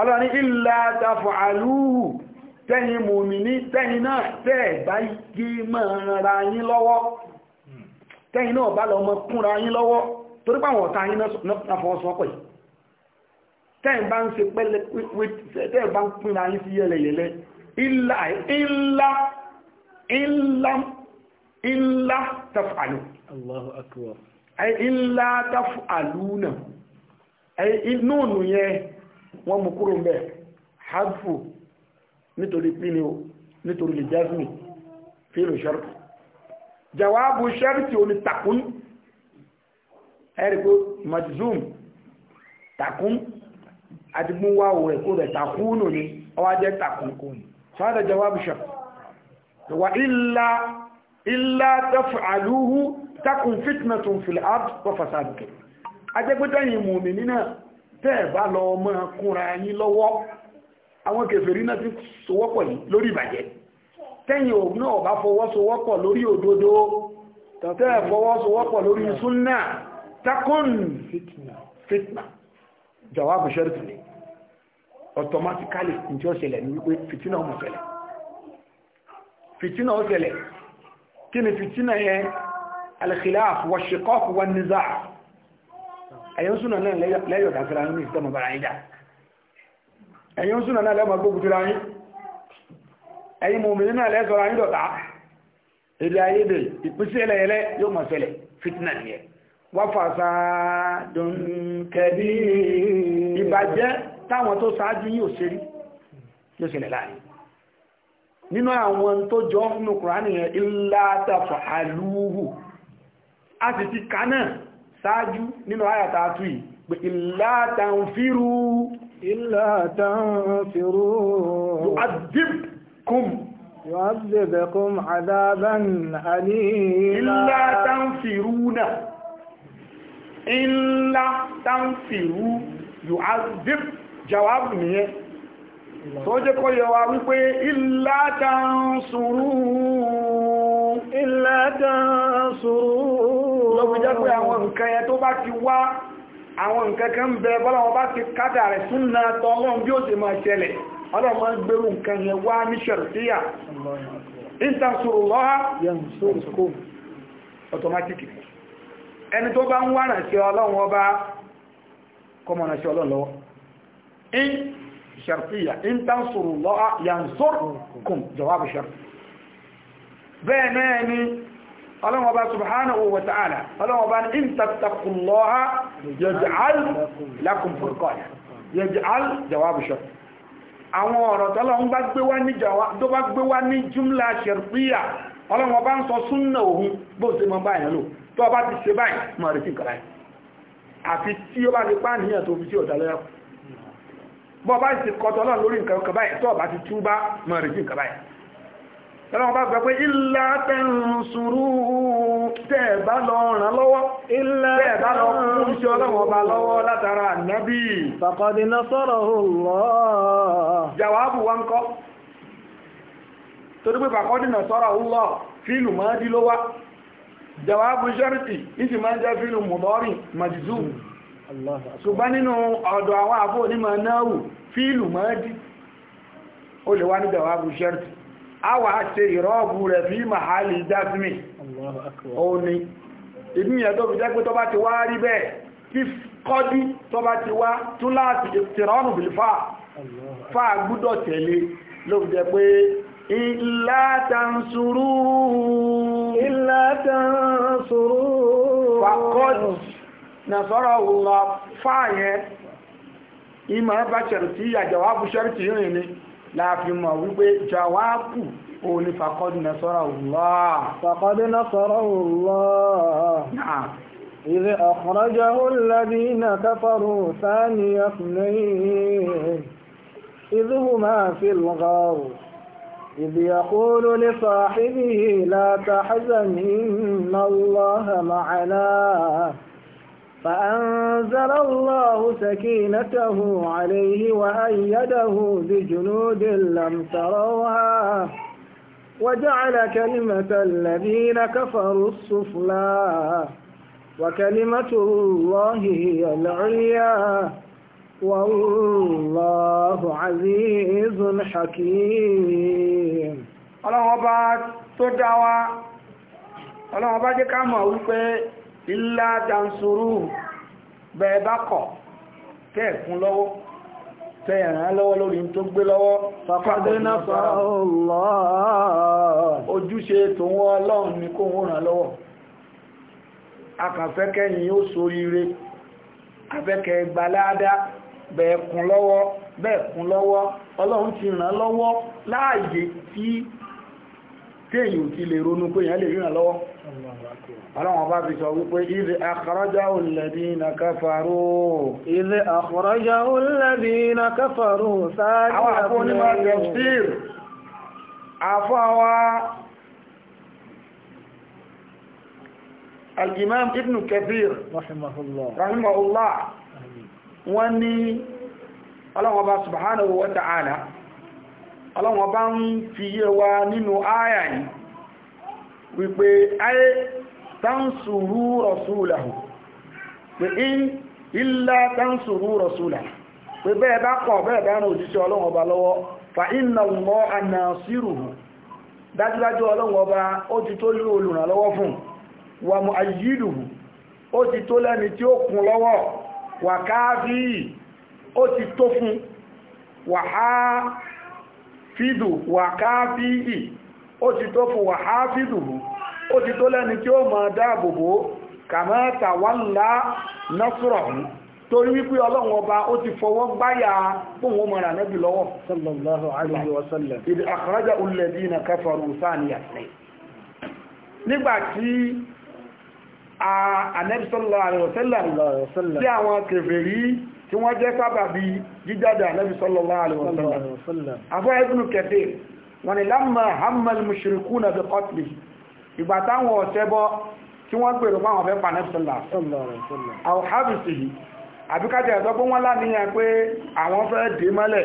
[SPEAKER 1] ọlọ́ni ilẹ̀ àtàfà àlúhù tẹ́yìn mòmìní tẹ́yìn náà tẹ́ẹ̀ bá gí máa yín lọ́wọ́ tẹ́yìn náà bá lọ mọ́ kúnra yín lọ́wọ́ torí pàwọn ọ̀tá yín náà fọwọ́ sọ́pọ̀ wọ́n mú kúrò mbẹ̀ hadfu nítorí pínlẹ̀ o nítorí lè jásmì fílù ṣẹ́rìtì jawabu ṣẹ́rìtì o ni takun ẹ̀rìkó majzum takun àti gbún wá òwúrẹ̀ kó rẹ̀ takunu ni ọwá jẹ́ takun kò ní sọ́dọ̀ jawabu ṣẹ́rìtì wà illa illa taf'aluhu takun fitnatun fil ard wa fasadun ajẹ́gbẹ́tẹ̀yìn mùmí nínà tẹ́ẹ̀ bá lọ ọmọ kúnra yín lọ́wọ́ àwọn kèfèrí náà ti sowọ́pọ̀ yìí lórí ìbàjẹ́ tẹ́yìn òun náà bá fọwọ́sowọ́pọ̀ lórí òdodo tẹ́ẹ̀ fọwọ́sowọ́pọ̀ lórí súnnà takun fitna jawabu sharifu ni automatically n tí ó ṣẹlẹ̀ ní wípé fitina ó ṣẹlẹ̀ fitina ó ṣẹlẹ̀ kí ni fitina yẹn al-khilaf wa wa niza' ẹ̀yọ́ súnà náà lẹ́yọ̀ dàkìrà ní ìsìtẹ́mọ̀ bára ìjà ẹ̀yọ́ súnà náà lẹ́mọ̀ gbógun tíra yín ẹ̀yìn mòmìnì náà lẹ́sọ̀rọ̀ ayín dọ̀tá èdè ayédè ìpínsí ẹlẹ́yẹlẹ́ yóò mọ̀ ṣẹlẹ̀ fitna nìyẹn wá fàṣà dùnkẹ́bí ìbàjẹ́ táwọn tó ṣáájú yóò ṣe rí yóò ṣẹlẹ̀ láàrin nínú àwọn tó ṣáájú nínú àyàtà àtúì pé ìlàtàǹfìrú ìlàtàǹfìrú yu'adhibkum yu'adhibkum adhaban alima ìlàtàǹfìrúnà ìlàtàǹfìrú yu'adhib jawab nìyẹn tó jẹ́ kó yẹ wa wípé ìlàtàǹsùrú ìlàtàǹsùrú lọ́wọ́ jẹ́ pé àwọn nǹkan yẹn tó bá ti wá àwọn nǹkan kan bẹ bọ́lọ́wọ́ bá ti kádà rẹ̀ súnà tọ́lọ́run bí ó sì máa ṣẹlẹ̀ ọlọ́run máa ń gbérù nǹkan yẹn wá ní ṣẹ̀rọ̀síyà ìtàṣòrò lọ́ha ọ̀tọ̀mátìkì ọlọ́run ọba subhanahu wa ta'ala ọlọ́run ọba ní ìtàtàkùnlọ́ha yẹ̀jẹ̀al lákùnfọ̀kọ́yà yẹ̀jẹ̀al jawabu shart àwọn ọ̀rọ̀ tọ́lọ́run bá gbé wá ní jùmlá shartiyya ọlọ́run ọba ń sọ súnnà òhun gbóòsè mọ́ báyìí lò tó ọba ti ṣe báyìí mọ̀ rẹ̀ sí kàrá àfi tí ó bá ti pa níyàn tọ́lọ́wọ́ bá gbà pé ilá tẹ́ǹsùrú tẹ́ẹ̀bá lọ ràn lọ́wọ́ tẹ́ẹ̀bá lọ fún iṣẹ́ ọlọ́wọ́ bá lọ́wọ́ látara nábì fàkọ̀dínà sọ́rọ̀ Allah filu ṣùgbọ́n nínú ọ̀dọ̀ àwọn onímọ̀ náà ó lè wá awa ṣe ìrọ́ọ̀bù rẹ̀ fi mahali dasmi òun ni ìdí yẹn tó fi jẹ́ pé tó bá ti wá rí bẹ́ẹ̀ kí kọ́dí tó bá ti wá tún láti tìrọ́nù bí fà fà gbúdọ̀ tẹ̀lé ló fi jẹ́ pé ìlà tàǹsùrú ìlà tàǹsùrú fàkọ́dì fà yẹn ìmọ̀ láàfin mọ̀ wípé jawabu òun ni faqad nasarahu Allah. faqad nasarahu Allah. إذ أخرجه الذين كفروا ثاني اثنين إذ هما في الغار إذ يقول لصاحبه لا تحزن إن الله معنا فأنزل الله سكينته عليه وأيده بجنود لم تروها وجعل كلمة الذين كفروا السفلى وكلمة الله هي العليا والله عزيز حكيم ọlọ́wọ́ bá tó dáwà ọlọ́wọ́ bá jẹ́ ká ilá jansuru bẹ́ẹ̀ kọ̀ tẹ́ẹ̀kún lọ́wọ́ tẹ́ẹ̀rán lọ́wọ́ lórí tó gbé lọ́wọ́ fàfàdínà fàọ́lọ́ ojúṣe tó wọ́n ọlọ́run ní kó wọ́n ràn lọ́wọ́ akàfẹ́kẹ́yìn ó soríire afẹ́kẹ́ gbaládá bẹ́ẹ̀kún lọ́wọ́ bẹ́ẹ̀kún lọ́wọ́ ọlọ́run ti ràn lọ́wọ́ láàyè tí ò ti lè ronú pé èèyàn lè ríran lọ́wọ́ ọlọ́wọ́n bá fi sọ wípé ìdí àkọrọjáwò lẹ́bí na káfàró ìdí àkọrọjáwò lẹ́bí na káfàró sáàrí àwọn àfọ́ onímọ̀ tẹ̀fṣír àfọ́ wa al-imam ibn kathir rahimahullah wọ́n ní ọlọ́wọ́n bá subhanahu wa ta'ala ọlọ́wọ́n bá ń fi wa nínú áyà wípé ayé tánsùrú rọ̀súlàhù pé in ilá tánsùrú rọ̀súlàhù pé bẹ́ẹ̀ bá kọ̀ bẹ́ẹ̀ bá rán òjíṣẹ́ ọlọ́run ọba lọ́wọ́ fa iná mọ́ ànàṣírùhù dájúdájú ọlọ́run ọba ó ti tó lú wà ti káàfíì ó ti tó fún wà á fídù ti ó ti tó lẹ́ni tí ó máa dáàbòbò kàmẹ́ta wà ńlá násùrọ̀ ọ̀hún torí wípé ọlọ́run ọba ó ti fọwọ́ gbáyà fóun ó mọ̀ràn nẹ́bì lọ́wọ́ sallallahu alayhi wa sallam ìdí àkàrájà alladhina kafaru sáàníyà nígbà tí ànẹ́bì sallallahu alayhi wa sallam tí àwọn kèfèrí tí wọ́n jẹ́ sábàbí jíjáde ànẹ́bì sallallahu alayhi wa sallam afọ́ ibn Kathir wọn ni lamma hammal mushrikuna bi qatlihi ìgbà táwọn ọ̀tẹ́bọ tí wọ́n gbèrò páwọn fẹ́ panẹ́sọ́là àwòhábìsìlì àbíkájẹ̀ ẹ̀sọ́ pé wọ́n láníyàn pé àwọn fẹ́ dé mọ́lẹ̀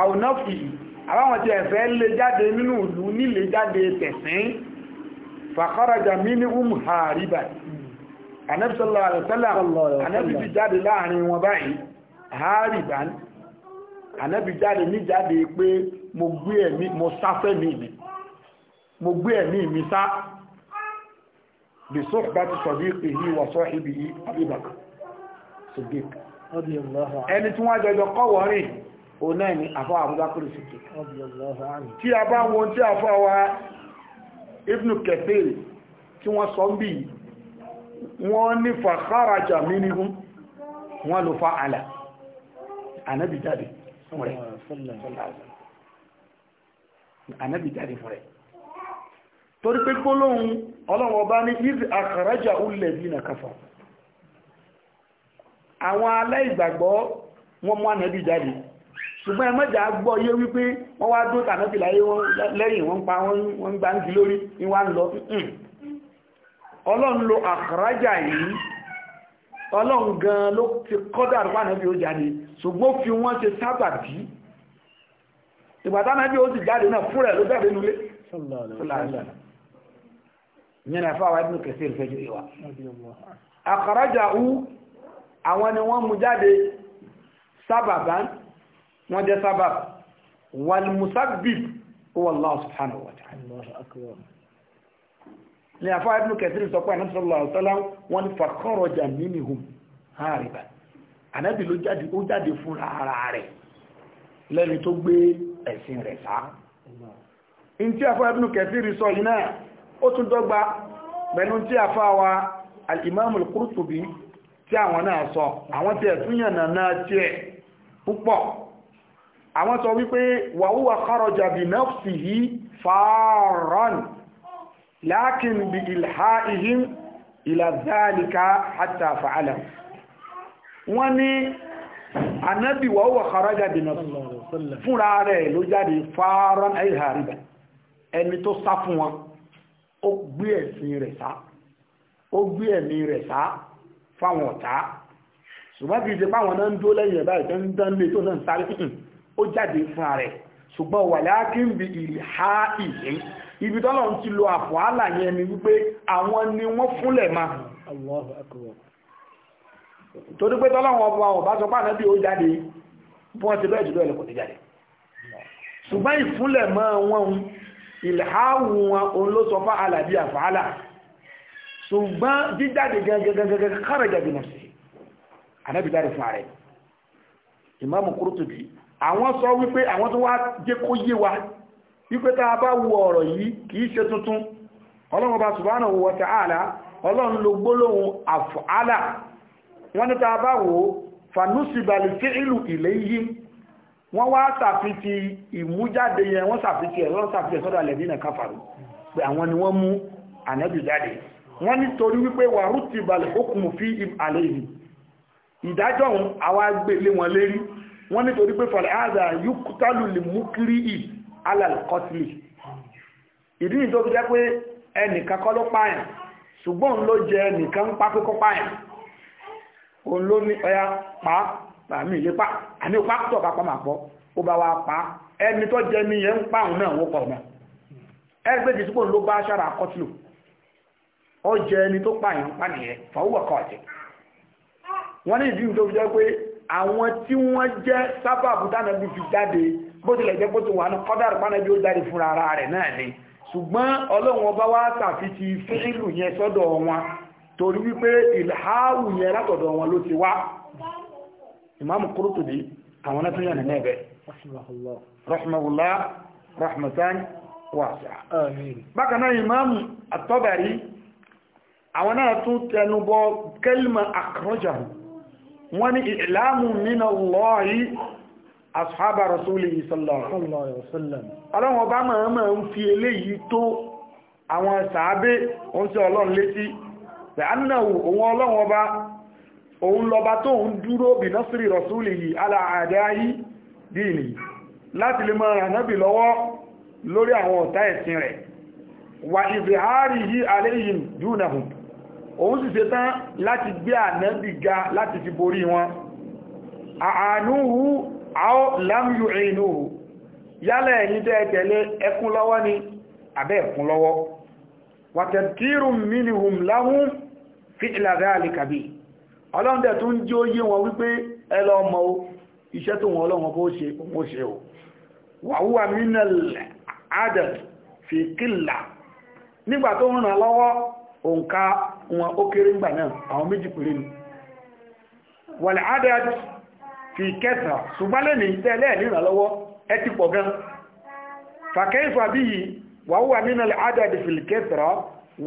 [SPEAKER 1] àwònáfì àbáwọn ti ẹ̀fẹ́ lè jáde nínú ìlú nílé jáde tẹ̀sìn fàkọ́rọ̀jà mini umu hariba anẹ́bìsọ́lá àrẹ̀sọ́lá anẹ́bìsì jáde láàrin wọn báyìí hariba anẹ́bì jáde ní jáde pé mo gbé ẹ̀mí mo sáfẹ́ mi nìí mo gbé ẹ̀mí mi sá bìsọ́kù bá ti sọ̀dí ìpè yìí wà sọ́ ibi yìí abíbàkà sọ̀dík ẹni tí wọ́n jọjọ kọ́wọ́ rìn òun náà ni àfọ́ àbúgbákùrù sìkè tí a bá wọn tí àfọ́ wa ibn kẹfẹ́rì tí wọ́n sọ ń bí wọ́n ní fàkàràjà mínihún wọ́n ló fa àlà ànábìjáde fún rẹ̀ torí pé gbólóhùn ọlọ́run ọba ní if àkàrájà ulẹ̀ bí nà kàfà àwọn aláìgbàgbọ́ wọn mú ànábì jáde ṣùgbọ́n ẹmọ́jà gbọ́ yé wípé wọ́n wá dó tànábì láyé lẹ́yìn wọ́n pa wọ́n ń gbáǹkì lórí ní wá ń lọ ọlọ́run lo àkàrájà yìí ọlọ́run gan ló ti kọ́dà rúpa ànábì ó jáde ṣùgbọ́n fi wọ́n ṣe sábàbí ìgbà tánábì ó sì jáde náà fúnra ẹ̀ ló jáde nulẹ̀ yana fawa ibn kasir fajirewa akharaja'u àwọn ni wọ́n mú jáde sababan wọ́n jẹ́ sabab wal musabbib huwa Allah subhanahu wa ta'ala ni afa ibn kasir sọ pé anabi sallallahu alaihi wasallam wọ́n fa kharaja minhum hariba anabi ló jáde ó jáde fún ara rẹ̀ lẹ́ni tó gbé ẹ̀sìn rẹ̀ sá in tí afa ibn kasir sọ yìí náà ó tún dọ́gba pẹ̀lú tí a fáwa al-imam al-Qurtubi tí àwọn náà sọ àwọn tí ẹ̀tún yànnà náà tí ẹ̀ púpọ̀ àwọn sọ wípé wa huwa kharaja bi nafsihi fàárán lákin bi ilha'ihim ila dhalika hatta fa'ala wọ́n ní anábì wa huwa kharaja bi fúnra rẹ̀ ló jáde fàárán ẹ̀hàrìbà ẹni tó sá fún wọn ó gbé ẹ̀sìn rẹ̀ sá ó gbé ẹ̀mí rẹ̀ sá fáwọn ọ̀tá ṣùgbọ́n kì í ṣe páwọn náà ń dó lẹ́yìn ẹ̀bá ìtọ́ ń dán lé tó náà ń sáré ó jáde fún rẹ̀ ṣùgbọ́n wà láàkín bí ìhà ìṣe ibi tọ́lọ̀ ń ti lo àpò àlà yẹn ni wípé àwọn ni wọ́n fúnlẹ̀ ma torí pé tọ́lọ̀ wọn bá ọba sọ pàánà bí ó jáde bí wọ́n ti bẹ́ẹ̀ jù lọ́ọ̀lẹ́kọ̀ọ́ ti jáde ṣùgbọ́n ìfúnlẹ̀ mọ́ wọn ìlàáwù wọn òun ló sọ fún alàbí àfàálà ṣùgbọ́n jíjáde gẹ́gẹ́gẹ́gẹ́ kárajà bí nàfsì anábìdáre fún ààrẹ ìmáàmù Qurtubi àwọn sọ wípé àwọn tó wá jẹ́ kó yé wa wípé tá a bá wo ọ̀rọ̀ yìí kìí ṣe tuntun ọlọ́run ọba subhanahu wa ta'ala ọlọ́run ló gbólóhùn àfàálà wọ́n ní tá bá wo fanusibali fi'lu ilayhim wọ́n wá sàfitì ìmújáde yẹn wọ́n sàfitì ẹ̀ lọ́n sàfitì sọ́dọ̀ alẹ́bí náà káfàrú pé àwọn ni wọ́n mú ànábì jáde wọ́n nítorí wípé wàrú ti balẹ̀ okùn fi àlẹ́ ìlú ìdájọ́ òun àwa gbélé wọn lérí wọ́n nítorí pé falẹ̀ àzà yúkútálù lè mú kiri ì alàlùkọ́tìlì ìdí nìtó fi jẹ́ pé ẹnìkan kọ́ ló pààyàn ṣùgbọ́n ló jẹ ẹnìkan ń pààyàn òun ló ní ọya pàá àmì ìlépa àmì ìpá tó ọ̀pá pàmàpọ̀ ó bá wa pa ẹni tó jẹ mi yẹn ń pa òun náà wọ́n pa ọ̀nà ẹgbẹ́ ìdìsípò ló bá ṣára kọ́tìlù ó jẹ ẹni tó pa yẹn ń pa nìyẹn fọwọ́ kọ́ ọ̀jẹ̀ wọ́n ní ìdí tó fi jẹ́ pé àwọn tí wọ́n jẹ́ sábàbù tánàbí fi jáde bó tilẹ̀ jẹ́ pé tó wà ní kọ́dàrú pánàbí ó jáde fúnra ara rẹ̀ náà ni ṣùgbọ́n ọlọ́run ọba wá ṣàfihì fíìlù yẹn sọ́dọ̀ wọn torí wípé ìlháàwù yẹn látọ̀dọ̀ wọn ló ti wá ìmáàmù Qurtubi àwọn náà tún yàn nínú ẹ̀bẹ̀ rahmahullah rahmatan wasi'a bákan náà ìmáàmù at-Tabari àwọn náà tún tẹnubọ kẹlìmà akhrajahu wọ́n ní ìlàmù minallahi ashabar rasulihi sallallahu alaihi wasallam ọlọ́run ọba máa máa ń fi eléyìí tó àwọn sàábé oúnjẹ ọlọ́run létí bẹ̀ annáwò òun ọlọ́run ọba òun lọba tó ń dúró bí nọ́sírí rọ̀súlì yìí aláàdáyí dìní láti lè máa ràn náàbì lọ́wọ́ lórí àwọn ọ̀tá ẹ̀sìn rẹ̀ wà ìzìhárì yí aléyìn dúnàhùn òun sì ṣetán láti gbé ànábì ga láti fi borí wọn àánúhù àó lámyù ìnúhù yálẹ̀ ẹ̀yìn fi ìlàdá alìkàbí ọlọ́ndẹ̀ tó ń jí ó yé wọn wípé ẹlọ ọmọ o iṣẹ́ tó wọn ọlọ́wọ́n bó ṣe òun ó ṣe o wàhúwà minal adad fi qilla nígbà tó ń ràn lọ́wọ́ òǹkà wọn ó kéré ńgbà náà àwọn méjì péré ni wal adad fi kathra ṣùgbọ́n lẹ́nìí tẹ́lẹ̀ nírànlọ́wọ́ ẹ ti pọ̀ gan fàkẹ́ ìfàbíyì wàhúwà minal adad fi kathra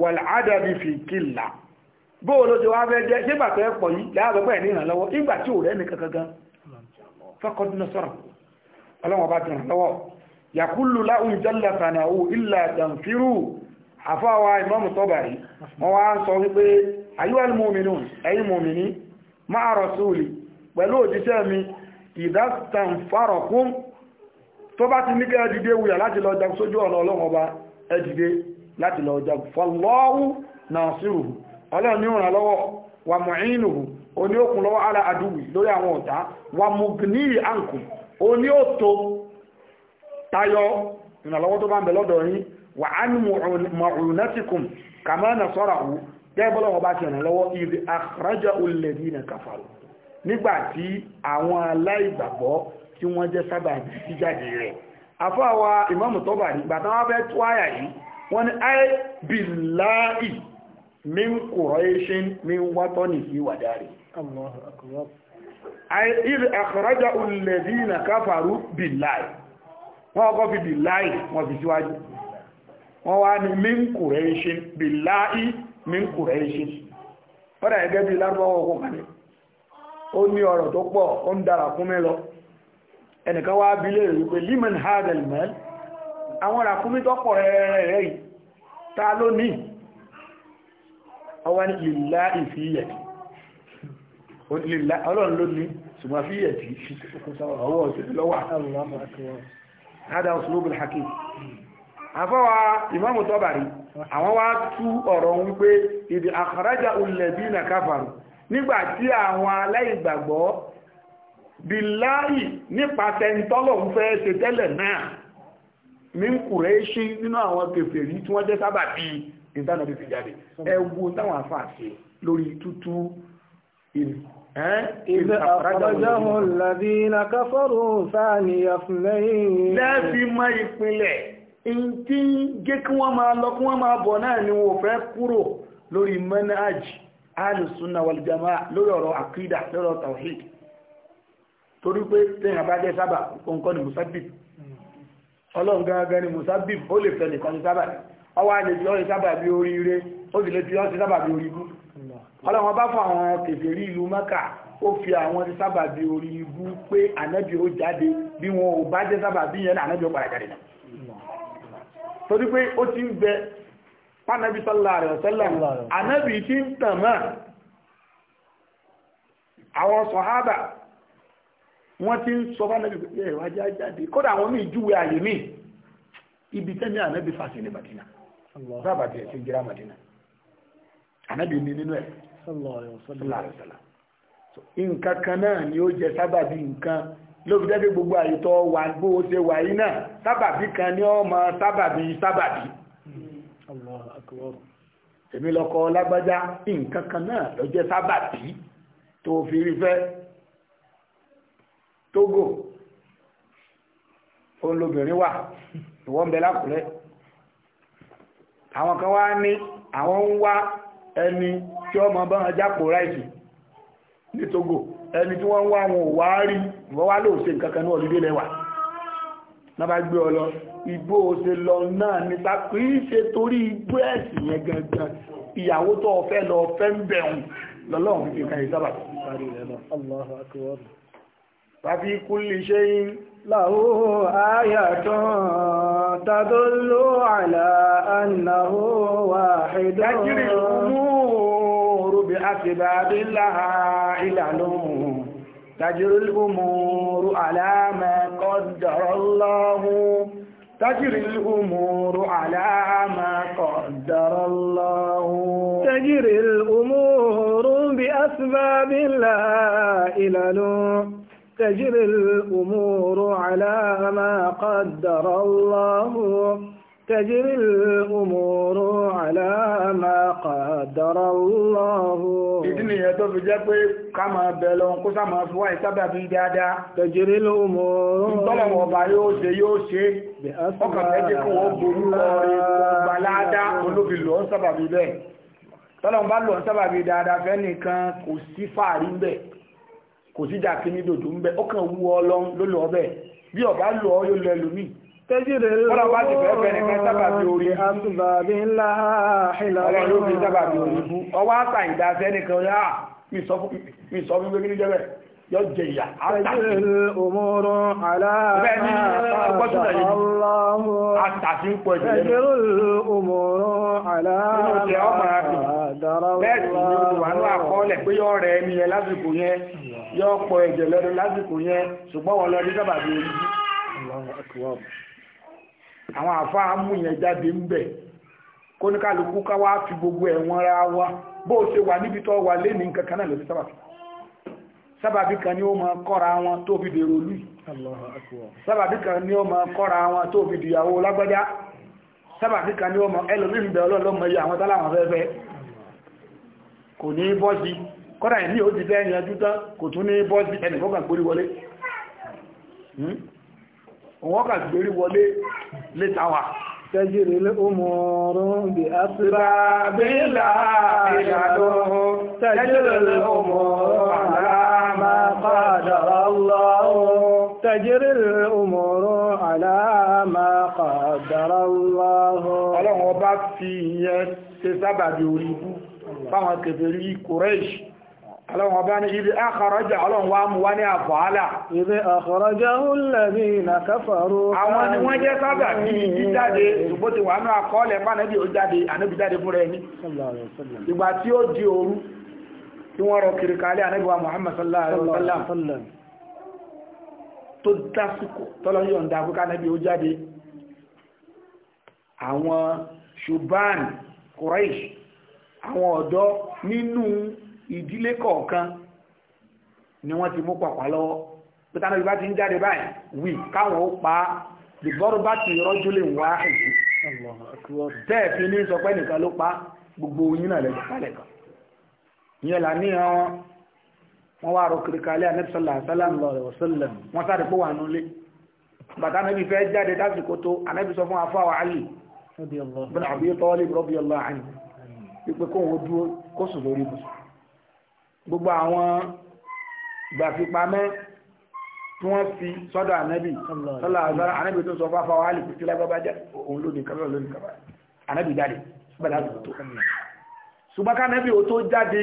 [SPEAKER 1] wal adad fi qilla bóòlù tí wá fẹ́ jẹ́ ṣígbà tó ẹ̀pọ̀ yìí láàbẹ̀ pẹ̀ ní ìrànlọ́wọ́ ìgbà tí ò rẹ̀ ní kankan fọ́kọ̀dúnà sọ́rọ̀ ọlọ́wọ́ bá ti rànlọ́wọ́ yàkúlù láhùn jalla sànàwó ìlà dànfírù àfáwà ìmọ́mù tọ́bàrí wọ́n wá ń sọ wípé ẹ̀yìn ọlọ́run ní òràn lọ́wọ́ wà mọ̀ínùhù oní òkun lọ́wọ́ ara àdúwì lórí àwọn ọ̀tá wà mùgní àǹkù oní òtò tayọ ìrànlọ́wọ́ tó bá ń bẹ lọ́dọ̀ yín wà á ní mọ̀rùnẹ́tìkùn kàmánà sọ́ra hù gẹ́gbọ́lọ́ bá ti ràn lọ́wọ́ na kàfàrù nígbà tí àwọn aláìgbàgbọ́ tí wọ́n jẹ́ sábà jíjáde rẹ̀ afọ́ àwa ìmọ̀mù tọ́bà nígbà táwọn fẹ́ tó àyà yìí wọ́n ní àìbìláì min quraishin min watanihi wa dari Allahu akbar ay iz akhraja alladhina kafaru billahi wa qafi billahi bi siwaju wọ́n wá ní min billahi min bi la rowo ko ó ní ọ̀rọ̀ tó pọ̀ ó ń dára kún mẹ́lọ ẹnìkan wá bí rẹ̀ ta ọwá ní lílá ìfìyẹ̀tì ọlọ́run ló ní ṣùgbọ́n fíyẹ̀tì ọwọ́ òṣèlú lọ́wọ́ hada usulubul hakim afọ́wà imamu tọ́bàrí àwọn wá tú ọ̀rọ̀ wípé ìdí àkàrájà ulẹ̀bí na káfàrù nígbàtí àwọn aláìgbàgbọ́ billahi nípasẹ̀ ìtọ́lọ̀ ń fẹ́ ṣe tẹ́lẹ̀ náà ní kùrẹ́ṣí nínú àwọn ìtànà bí fi jáde ẹwu táwọn afa ṣe lórí tútú إذ أخرجه الذين كفروا ثاني اثنين lẹ́ẹ̀fì mọ́ ìpìlẹ̀ tí ń jẹ́ kí wọ́n máa lọ kí wọ́n máa bọ̀ náà ni wọ́n fẹ́ kúrò lórí manhaj alùsùnà wàlìjàmá lórí ọ̀rọ̀ àkídà lórí ọ̀rọ̀ tawhid torí pé tẹ́yìn àbájẹ́ sábà òǹkọ́ ni musabib hmm. ọlọ́run gangan ni musabib ó lè fẹ́ nìkan ni sábà ọwọ́ àjèjì ọ́yẹ sábàbí oríire ó sì lè fi ọ́sẹ̀ sábàbí orígbú ọlọ́wọ́n bá fún àwọn kèfèrí ìlú mẹ́kà ó fi àwọn ti sábàbí orígbú pé ànábì ó jáde bí wọn ò bá jẹ́ sábàbí yẹn ànábì ó padà jáde náà torí pé ó ti ń bẹ pánábì ti ń tàn mọ́ àwọn sọ̀hábà wọ́n ti ń sọ pé ẹ̀rọ ajá jáde kódà àwọn míì ibi tẹ́mi ní bàbá tiẹ̀ sí jíra Madina ànábì ní nínú ẹ̀ sọ́lá nǹkan kan náà ni ó jẹ sábàbí nǹkan ló fi jẹ́ gbogbo àyètọ́ wà bó o ṣe wà yí náà sábàbí kan ní ọmọ sábàbí sábàbí èmi lọ́kọ lágbájá nǹkan kan náà ló jẹ sábàbí tó fi rí fẹ́ Tógò ó lóbìnrin wà ìwọ́n bẹ lákùrẹ́ àwọn kan wá ní àwọn ń wá ẹni tí ọmọ bá wọn jápò ráìsì ní Togo ẹni tí wọ́n wá wọn wá rí wọ́n wá lóò ṣe nǹkan kan ní ọ̀lídé lẹ́wà náà gbé ọ lọ ìbò lọ náà nípa kì ṣe torí igbó ẹ̀sìn yẹn gangan ìyàwó tó ọ̀fẹ́ lọ fẹ́ ń bẹ̀rùn lọ́lọ́run fi kan ìsábà tàbí kúlì ṣe yín láhó àyàtọ̀ tàdó ló àlàá أنه واحد تجري الأمور بأسباب لها علل تجري الأمور على ما قدر الله تجري الأمور على ما قدر الله تجري الأمور بأسباب لها علل تجري الأمور على ما قدر الله تجري الأمور على ما قدر الله ìdí nìyẹn tó fi jẹ́ pé ká máa bẹ̀ lọ kó sá máa fún àìsá bàbí dáadáa تجري الأمور ìtọ́lọ̀wọ̀ ọba yóò ṣe yóò ṣe ọkàn tẹ́jẹ́ kó wọ́n ború ọrẹ gbalada olóbìlú ọ̀n sábàbí bẹ́ẹ̀ tọ́lọ̀wọ̀ bá lọ ọ̀n sábàbí dáadáa fẹ́ nìkan kò sí fàárí ń bẹ̀ kò sí dàkíní dòdò ń bẹ̀ ọkàn wú ọlọ́run ló lọ bẹ́ẹ̀ bí ọba lọ yóò lọ ẹlòmíì tẹ́jìrì lórí àtúbàbí ńlá àhìlá ọlọ́run ló fi sábàbí orí bú ọwọ́ àtà ìdáṣẹ́ nìkan yá ah, mi sọ fún gbé níjẹ́ rẹ̀ yọ jẹ ìyà àtàkì òmòrò aláàbà yọ pọ̀ ẹ̀jẹ̀ lọ́dún lásìkò yẹn ṣùgbọ́n wọn lọ rí sábàbí orí bú àwọn àfa amúyẹn jáde ń bẹ̀ kóníkàlùkù ká wá fi gbogbo ẹ̀wọ̀n ra wa bó o ṣe wà níbi tó wà lé ní nǹkan kan náà lórí sábàbí sábàbí kan ni ó máa kọ́ra wọn tó fi dèrò sábàbí kan ni ó máa wọn tó fi dìyàwó lágbájá sábàbí kan ni ó máa ọlọ́ọ̀lọ́mọ àwọn táláwọn fẹ́fẹ́ kò ní kọ́dà fẹ́ yanjú tán wọ́n kà gbérí wọlé létawà tẹ́jìrì l'ómọ̀rún bí a ti bá bílá ìlàdó tẹ́jìrì l'ómọ̀rún àlámà kádàrà lọ́wọ́ tẹ́jìrì l'ómọ̀rún àlámà kádàrà lọ́wọ́ ọlọ́run ọba fi ìyẹn ṣe sábàbí orí ibú fáwọn kèfèrí Kùrẹ́ṣì ọlọ́run ọba ní ibi àkọrọjà ọlọ́run wá mú wá ní àfàálà ibi àkọrọjà olèrí ìnàkẹfàró àwọn ni wọ́n jẹ́ sábà bí jíjáde ṣùgbọ́n ti wà ní àkọọ́lẹ̀ pánẹ́bí ó jáde ànábì jáde fún rẹ̀ ní ìgbà tí ó di òru tí wọ́n rọ kiri kalẹ̀ wa Muhammad ìdílé kọ̀ọ̀kan ni wọ́n ti mú pàpà lọ́wọ́ pẹ̀tà náà bí bá ti ń jáde báyìí wì káwọn ó pa bìbọ́rù bá ti rọ́jú lè wá èyí tẹ́ẹ̀ fi ní sọ pé nìkan ló pa gbogbo yín náà lẹ́jọ́ kálẹ̀ kan ìyẹn là ní àwọn wọn wá rọ kiri kalẹ̀ anẹ́bísọ́lá sálàm lọ́rẹ̀ wọ́sọ́lẹ̀m wọ́n sáré pé wà nulẹ̀ bàtà náà bí fẹ́ jáde lásìkò tó anẹ́bísọ́ fún afáwà alì bin Abi Talib radiyallahu anhu ìpè kóhun dúró kó lórí ibùsùn gbogbo àwọn gbàfipamẹ́ tí wọ́n fi sọ́dọ̀ ànábì sọ́lá àzọ́rọ̀ ànábì tó sọ fáfá wà lè pèsè lágbàbá jẹ́ òun lónìí kábà lónìí kábà ànábì jáde bàdá tó tó ṣùgbọ́n kánábì ó tó jáde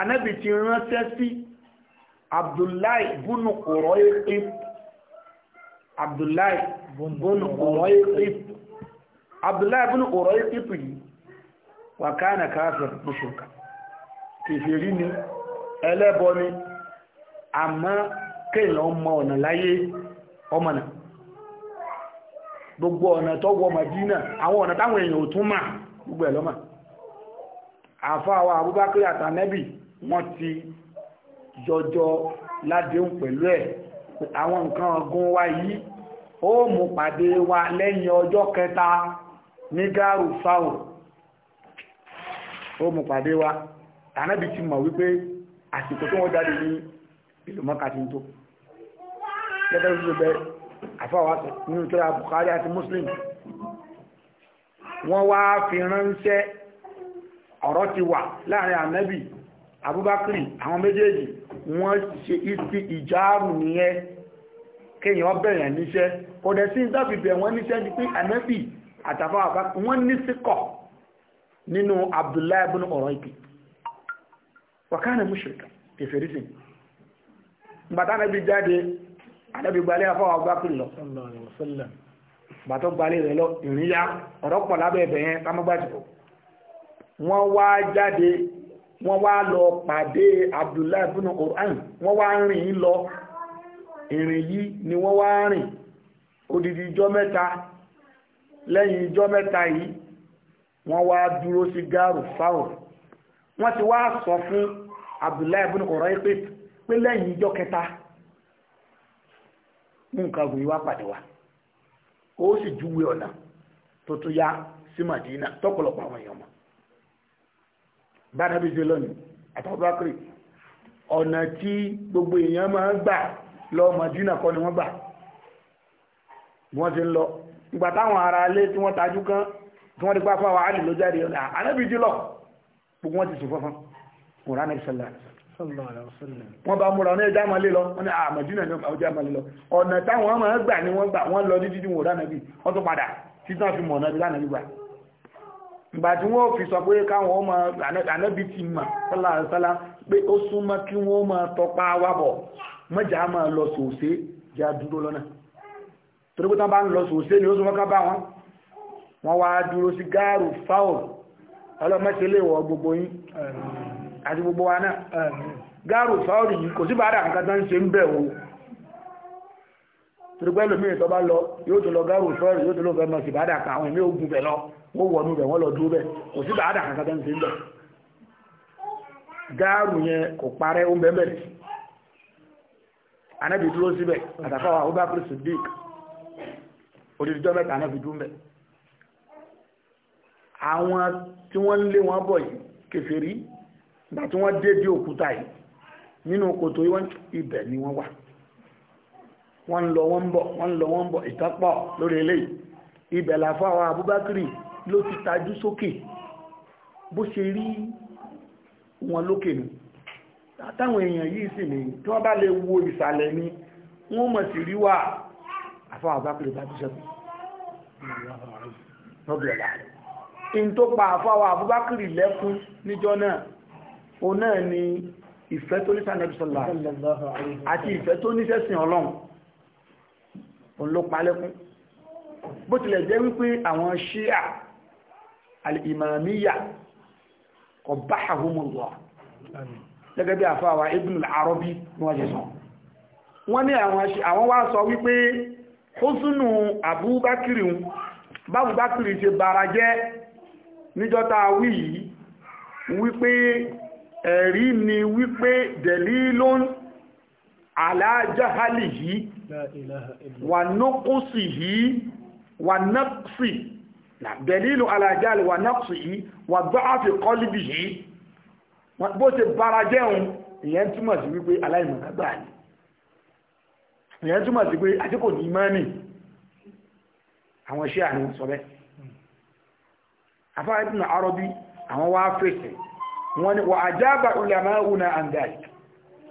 [SPEAKER 1] ànábì ti ránṣẹ́ sí abdullahi bunu ọ̀rọ̀ ìpín abdullahi bunu ọ̀rọ̀ ìpín abdullahi bunu ọ̀rọ̀ ìpín yìí wà kánà káfíìn mùsùlùmí kèfèrí ni ẹlẹ́bọ ni àmọ́ kéèyàn ọmọ ọ̀nà láyé ọmọnà gbogbo ọ̀nà tó wọ Mádínà àwọn ọ̀nà táwọn èèyàn ò tún mà gbogbo ẹ̀ lọ́mà àfáwà Abubakar àtànẹ́bì wọ́n ti jọjọ ládéhùn pẹ̀lú ẹ̀ àwọn nǹkan ọgún wa yìí ó mú pàdé wa lẹ́yìn ọjọ́ kẹta ní gáàrù sáwò ó mú pàdé wa tànàbí ti mọ̀ wípé àsìkò tó wọ́n jáde ní ìlú mọ́ka ti ń tó gẹ́gẹ́ bí gbogbo àfọwọ́ nínú tó ra Bukhari àti Muslim wọ́n wá fi ránṣẹ́ ọ̀rọ̀ ti wà láàrin ànábì Abubakri àwọn méjèèjì wọ́n ṣe ìfi ìjáàrù nìyẹn kéèyàn bẹ̀rẹ̀ níṣẹ́ kò dẹ̀ sí ìdábìbẹ̀ wọ́n níṣẹ́ ní pé ànábì àtàfà wọ́n ní síkọ̀ nínú Abdullahi ibn Urayqi wàkánà mùsùlùmí kẹfẹ́rí sí bàtà nàbí jáde àdàbí gbalẹ̀ afọwọ́ agbákùn lọ bàtọ́ gbalẹ̀ rẹ̀ lọ ìrìnyà ọ̀rọ̀ pọ̀ lábẹ́ ẹ̀bẹ̀ yẹn kámọ́gbàjìbò wọ́n wá jáde wọ́n wá lọ pàdé Abdullahi ibn Qur'an wọ́n wá rìn lọ ìrìn yìí ni wọ́n wá rìn odidi ijọ́ mẹ́ta lẹ́yìn ijọ́ mẹ́ta yìí wọ́n wá dúró sí gáàrù fáwọn wọ́n ti wá sọ fún Abdullahi ibn Urayqit pé lẹ́yìn ìjọ kẹta mú nǹkan gùn yíwá pàdé wa ó sì júwe ọ̀nà tó tún yá sí Madina tọ́pọ̀lọpọ̀ àwọn èèyàn mọ̀ bá nàbí ṣe lónìí àtàwọn ọ̀nà tí gbogbo èèyàn máa ń gbà lọ Madina kọ́ ni wọ́n gbà wọ́n ti ń lọ ìgbà táwọn ará ilé tí wọ́n tajú kán tí wọ́n ti pá fáwọn àlè ló jáde ọ̀nà ànábìjì lọ gbogbo wọn ti sùn fọ́fọ́n kùnrán ní sọ́lá wọ́n bá múra ọ̀nà ẹja máa lé lọ wọ́n ní àmàdínà ní ọjà máa lé lọ ọ̀nà táwọn ọmọ gbà ni wọ́n gbà wọ́n lọ dídí ní wòrán nàbí wọ́n tó padà títí wọ́n fi mọ̀ ọ̀nà bí lánàá gbà ìgbà tí wọ́n fi sọ pé káwọn ọmọ ànábì ti mà sọ́lá pé ó súnmọ́ kí wọ́n máa tọpa wábọ̀ mọ́jà máa lọ sòsé já dúró lọ́nà torí tán bá ń lọ sòsé ni ó súnmọ́ ká bá wọn wọ́n wá dúró sí gáàrù fáwọ̀ ọlọ́mọ́tẹ́lẹ̀ wọ gbogbo yín àti gbogbo wa náà gáàrù sáọ́rì yìí kò sí bá dà nǹkan tán ṣe ń bẹ̀ o tìrìpẹ́lú mi ìtọ́ bá lọ yóò tó lọ gáàrù sáọ́rì yóò tó lọ fẹ́mọ̀ sí bá dà kan àwọn ìmí ogun bẹ̀ lọ wọ́n wọnú bẹ̀ wọ́n lọ dúró bẹ̀ kò sí bá dà nǹkan àwọn tí wọ́n ń lé wọn bọ̀ yìí kèfèrí ìgbà tí wọ́n dé dé òkúta yìí nínú kòtò ibẹ̀ ni wọ́n wà wọ́n ń lọ wọ́n ń bọ̀ wọ́n ń lọ wọ́n ń bọ̀ ìtọ́pọ̀ lórí eléyìí ibẹ̀ làfọ́ àwọn abúbákiri ló ti tajú sókè bó ṣe rí wọn lókè nù táwọn èèyàn yìí sì ní tí wọ́n bá lè wo ìsàlẹ̀ ni wọ́n mọ̀ sí rí wà àfọ́ àwọn bá ti ṣẹ́kù in tó pa àfáwà Abubakar lẹ́kún níjọ́ náà o náà ni ìfẹ́ tó ní sànẹ́bìsọ̀lá àti ìfẹ́ tó ní sẹ́sìn ọlọ́run òun ló pa lẹ́kún bó tilẹ̀ jẹ́ wípé àwọn ṣíà alìmàmíyà kò bá àhúmọ̀lọ́ gẹ́gẹ́ bí àfáwà Ibn al-Arabi ní wọ́n jẹ́ sọ wọ́n ní àwọn wá sọ wípé húsùnù níjọ́ta wí yìí wípé ẹ̀rí ni wípé dalilun ala jahalihi wà nuqsi yìí wà naqsi dalilun ala jahalihi wà naqsi yìí wà da'fi qalbihi bó ṣe bára jẹun ìyẹn túmọ̀ sí wípé aláìmọ̀kágbà ni ìyẹn ní àwọn iṣẹ́ àrùn sọ afáà ibùn arọ́bí àwọn wá fèsì wọ́n ni wà àjábà ulama'una an dhalik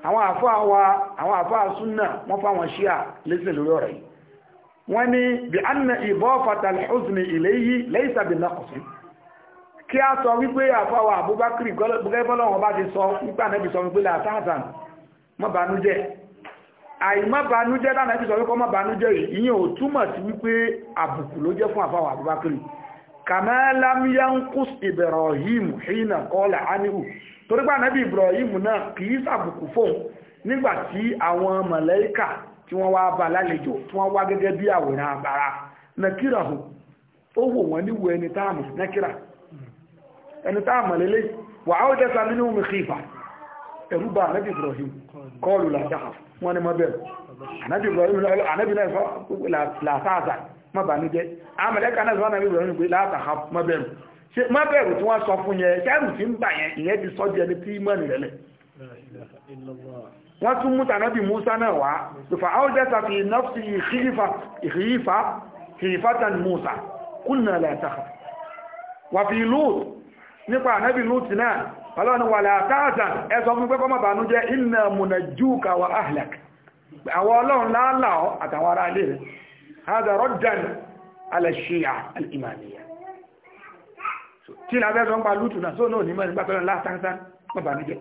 [SPEAKER 1] àwọn àfáà wa àwọn àfáà súnà wọ́n fáwọn ṣíà lẹ́sìn lórí ọ̀rọ̀ yìí wọ́n ni bí anna idafata al-huzni ilayhi laysa bi naqs kí a sọ wípé àfáà wa Abubakar gẹ́gẹ́bọ́lọ́wọ́n bá ti sọ nípa nẹ́bí sọ wípé látàzàn mọ́bànújẹ́ àìmọ́bànújẹ́ dáná ẹbí sọ wípé mọ́bànújẹ́ yìí ìyẹn ò túmọ̀ sí wípé àbùkù ló jẹ́ fún àfáà wa Abubakar kàmá lámíyánkús Ibrahim hìnà kọ́lá ánìhù torí pé ànábì Ibrahim náà kìí sàbùkù fóun nígbà tí àwọn màláíkà tí wọ́n wá bá lálejò tí wọ́n wá gẹ́gẹ́ bí àwòrán àbára nàkírà hù ó wò wọ́n níwò ẹni táàmù nàkírà ẹni táàmù lélẹ̀ wà á ó jẹ́sà nínú mi kìfà ẹ̀rú bá ànábì Ibrahim kọ́ọ̀lù làtàkà wọ́n ni mọ́ bẹ̀rù ànábì Ibrahim làtàkà má bà níjẹ́ àmàlẹ́kà náà sọ́nà ìwé ìròyìn pé látàhà má bẹ̀rù ṣe má bẹ̀rù tí wọ́n sọ fún yẹn ṣẹ́rù tí ń bà yẹn ìyẹn ti sọ jẹ́ ní tí mọ́ nìyẹn lẹ̀ wọ́n tún mú tànábì Musa náà wá lùfà áwùjẹ́ sàfi nọ́ọ̀sì ìhìyífà ìhìfàtàn Musa kúnnà látàhà wà fi lóòt nípa ànábì lóòt náà ọlọ́ni wà látàhà ẹ sọ fún pé kó má bànújẹ́ inna munajjuka wa ahlak àwọn ọlọ́run láàlá àtàwọn ará ilé rẹ̀ هذا ردا على الشيعة الإمامية tí la fẹ́ sọ ń pa lútù náà sóò náà ní mẹ́rin gbàtọ́lọ́ látàntà pàbà níjẹ́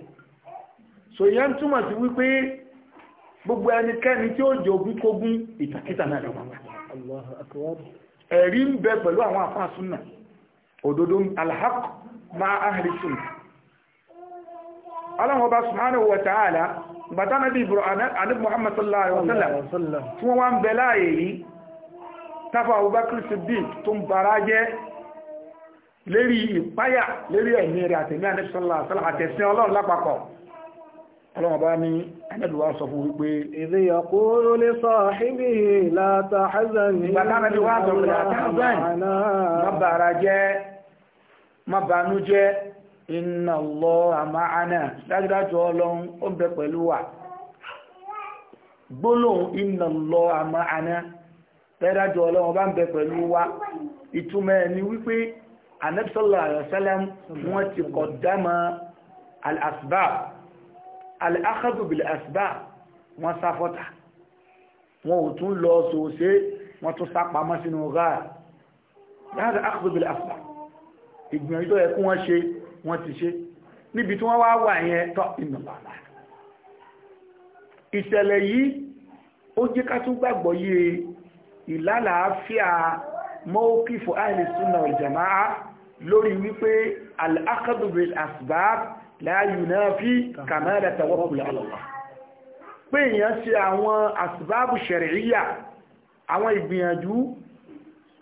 [SPEAKER 1] so yẹ́ ń túmọ̀ sí wípé gbogbo ẹnikẹ́ni tí ó jẹ́ ogún kógún ìtàkítà náà lọ máa ẹ̀rí ń bẹ pẹ̀lú àwọn afáàsúnà òdodo alhaq ma ahli sunna aláwọ̀ bá subhanahu wa ta'ala gbàtánà bí ibrahim muhammad sallallahu alaihi wa sallam tí wọ́n wá ń bẹ láàyè yìí tábà Abubakar Siddiq tó ń bara jẹ́ lérí ìpáyà lérí ẹ̀mí rẹ̀ àtẹ̀mí àdẹ́sọ́lá àtẹ̀sí ọlọ́run lápapọ̀ ọlọ́run bá ní ẹ̀mẹ́dùwá sọ fún wípé ìdí yaqulu li sahibihi la tahzan ìgbà tábẹ́dùwá sọ fún ìlàtàhazan má bàrà jẹ́ má bànú jẹ́ inna Allaha ma'ana dájúdájú ọlọ́run ó ń bẹ tẹ́dájọ́ ọlọ́run bá ń bẹ pẹ̀lú wa ìtumọ̀ ni wípé anẹ́bísọ́lá àyọ̀sẹ́lẹ̀m wọ́n ti kọ̀ dámọ́ al'asbá al'akhadubil asbá wọ́n sáfọ́ta wọ́n ò tún lọ sóòsé wọ́n tún sápamọ́ sínú gáà láti akhadubil asbá ìgbìyànjú tó yẹ kí wọ́n ṣe wọ́n ti ṣe níbi tí wọ́n wá wà ìṣẹ̀lẹ̀ yìí ó jẹ́ ká tún gbàgbọ́ yìí ìlàlàáfíà mọ́ọ́kífù ahli sunna wal jamaa lórí wípé al-akhadhu bil asbab la yunafi kamal tawakkul ala Allah pé èèyàn ṣe àwọn asbábù shar'iyya àwọn ìgbìyànjú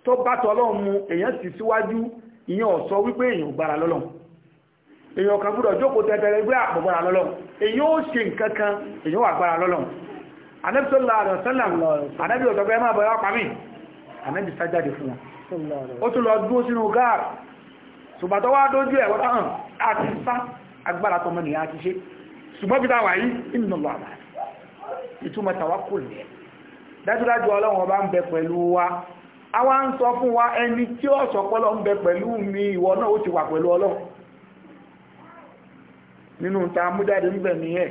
[SPEAKER 1] tó bá tọ́lọ́run mu èèyàn sì síwájú ìyẹn ò wípé èèyàn gbára lọ́lọ́run Ànábì sallallahu alaihi wasallam Ànábì ọ̀tọ̀gbẹ́ máa bọ̀ yọ́ pàmì Ànábì sájáde fún wọn ó tún lọ dúó sínú gáàrù ṣùgbọ́n tó wá dójú ẹ̀wọ́ tán àti sá agbára tọmọ nìyà ti ṣe ṣùgbọ́n bí táwà yìí inú lọ àmà ìtumọ̀ tawakkul ni dájúdájú ọlọ́run ọba ń bẹ pẹ̀lú wa a wá sọ fún wa ẹni tí ó sọ pọ́lọ́ ń bẹ pẹ̀lú mi ìwọ náà ó ti wà pẹ̀lú ọlọ́run nínú ta mújáde níbẹ̀ nìyẹn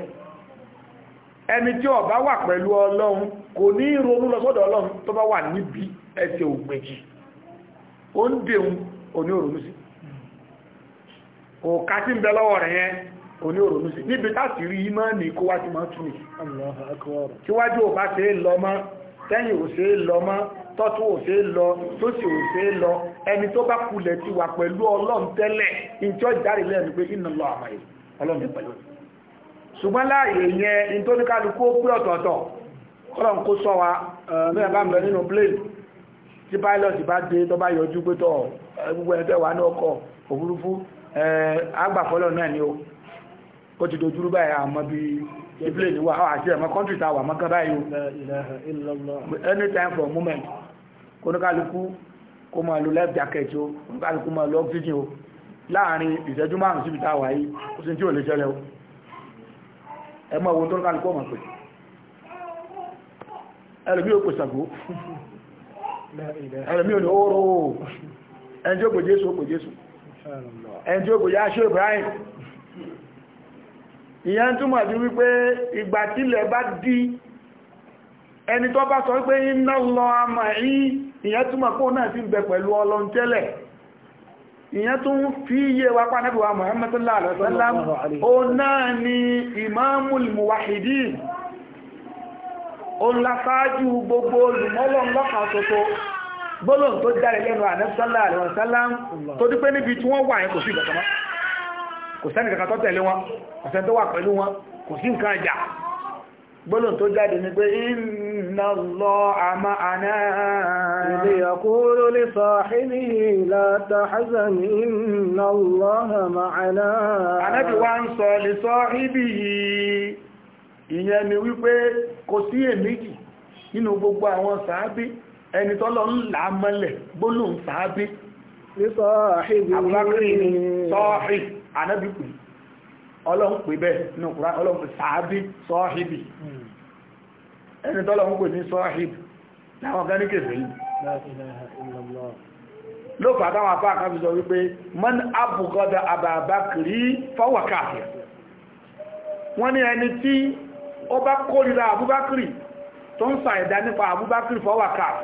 [SPEAKER 1] ẹni tí ọba wà pẹ̀lú ọlọ́run kò ní ronú lọ ọlọ́run tó bá wà níbi ẹsẹ̀ ògbèjì ó ń dèun òní òrònú sí tí ń bẹ lọ́wọ́ rẹ̀ yẹn òní òrònú sí níbi láti rí imọ́ ní kó máa tún kí wájú ṣe é lọ mọ́ tẹ́yìn ò ṣe é lọ mọ́ ṣùgbọ́n láàyè yẹn ní tó ní kálukú pé ọ̀tọ̀ọ̀tọ̀ kọ́lọ̀n kó sọ wa mẹ́rin bá ń nínú plane tí pilot bá dé tó bá yọjú pé tọ́ gbogbo ẹgbẹ́ wa ní ọkọ̀ òfurufú agbàfọ́lọ̀ náà ni ó ó ti dojúrú báyìí àmọ́ bí i plane for a wà ẹmọ ohun tó kálùkọ́ ọmọ pẹ̀ ẹlùmí ò pè Ṣàngó
[SPEAKER 2] ò ní oòrò
[SPEAKER 1] ẹni tí ó pè Jésù ó pè Jésù tí ó pè Yáṣẹ́ Ibrahim ìyẹn túnmọ̀ sí wípé ìgbà tílẹ̀ bá dí ẹni tó bá sọ wípé iná lọ àmà yí ìyẹn ìyẹn tó ń fi iye wa pa nẹ́bí wa Muhammad sallallahu alaihi wasallam o náà ni imamul muwahidin o ń lásáájú gbogbo olùmọ́lọ́ lọ́kàn ṣoṣo gbólóhùn tó jáde lẹ́nu ànẹ́bí sallallahu alaihi wasallam tó dípé níbi tí gbólóhùn tó jáde ní pé inna Allaha ma'ana idh yaqulu li sahibihi la tahzan inna Allaha ma'ana anábì wá ń sọ li sahibihi ìyẹn ni wípé kò sí èméjì nínú gbogbo àwọn sàábí ẹni tọ́lọ ń là mọ́lẹ̀ gbólóhùn sàábí ọlọ́run pè bẹ́ẹ̀ nínú ọlọ́run ẹni tọ́lọ̀ ń pè ní sọ́hìb láwọn kan ní kèfèrí ló fà apá kan sọ wípé mọ́n àbùkọ́dà àbàbákìrí fọ́wọ̀káàfì wọ́n ní ẹni tí ó bá kórìíra àbúbákìrí tó ń sọ ẹ̀dá nípa àbúbákìrí fọ́wọ̀káàfì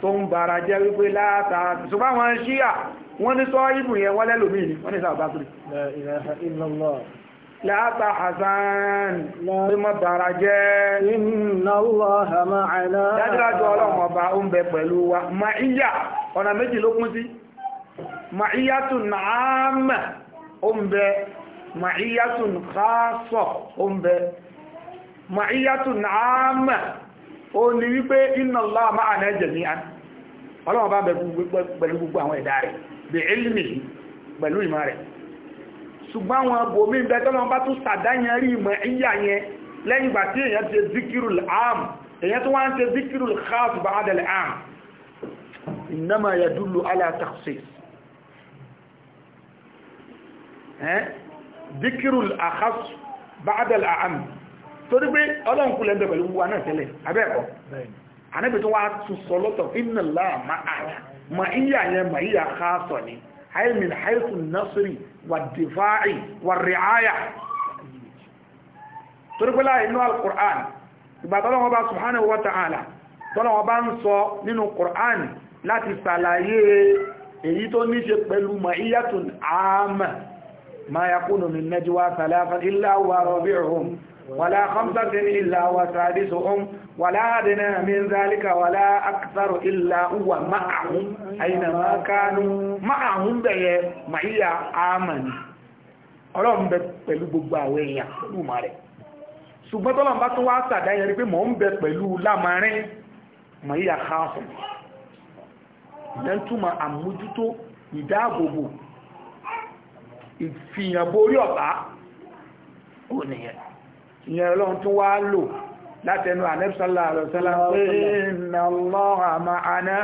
[SPEAKER 1] tó ń bara jẹ́ wípé látàá ṣùgbọ́n wọn ṣíyà wọ́n ní sọ ìbù yẹn wọ́n lẹ́lòmí ni wọ́n ní sàbákiri láta hasan pé mọ́ bara jẹ́ dájúdájú ọlọ́run ọba ó ń bẹ pẹ̀lú wa ma iya ọ̀nà méjì ló kún sí ma iya tún ó ní wípé inna Allah ma'ana jami'an ọlọ́wọ́ bá pẹ̀lú gbogbo àwọn ẹ̀dá rẹ̀ bí ilmi pẹ̀lú ìmọ̀ rẹ̀ ṣùgbọ́n àwọn bòmí bẹ́ tọ́lọ́wọ́ bá tún sàdáyẹrí ìmọ̀ ìyà yẹn lẹ́yìn ìgbà tí èèyàn ti zikirul am èèyàn tó wá ń torí pé ọlọ́run kúlẹ̀ ń bẹ̀ pẹ̀lú wa náà tẹ́lẹ̀ abẹ́ẹ̀kọ́ anábì tó wá tún sọ lọ́tọ̀ inna Allah ma'ana ma iya yẹn ma iya khassa ni aimin haifu nasiri wa difa'i wa ri'aya torí pé láì inú al-Qur'an ìgbà tọ́lọ́wọ́ bá subhanahu wa ta'ala tọ́lọ́wọ́ bá ń sọ nínú Qur'an láti sàlàyé èyí tó ní ṣe pẹ̀lú ma iya tún àmà ma yakunu min najwa thalathan illa ولا خمسة إلا وسادسهم ولا أدنى من ذلك ولا أكثر إلا هو معهم أينما كانوا معهم بيه معي آمن ọlọ́run bẹ pẹ̀lú gbogbo àwọn èèyàn pẹ̀lú ma rẹ̀ ṣùgbọ́n tọ́lọ̀ bá tún wá sàdáyẹ̀ rí pé mọ̀ ń bẹ pẹ̀lú lámarin mọ̀ yíya káàkùn ìyẹn túnmọ̀ àmójútó ìdáàbòbò ìfìyànbó orí ọ̀tá ò nìyẹn ìyẹn ọlọ́run tún wá lò látẹnu ànẹ́bùsọ́lá àrọ̀sọ́lá pé inna Allaha ma'ana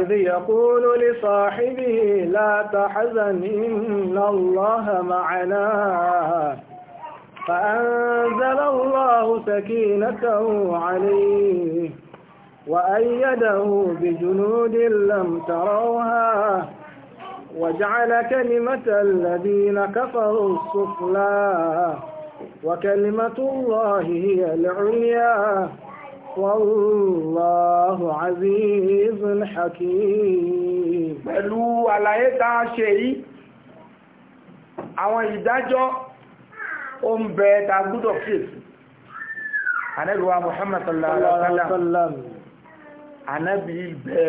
[SPEAKER 1] idh yaqulu li sahibihi la tahzan inna Allaha ma'ana فأنزل الله سكينته عليه وأيده بجنود لم تروها وجعل كلمة الذين كفروا السفلى وكلمة الله هي العليا والله عزيز حكيم pẹ̀lú على tá a ṣe yìí àwọn ìdájọ́ ó ń bẹ ta gbọ́dọ̀ fèsì anẹ́lúwà Muhammad sallallahu alaihi wasallam anẹ́bí bẹ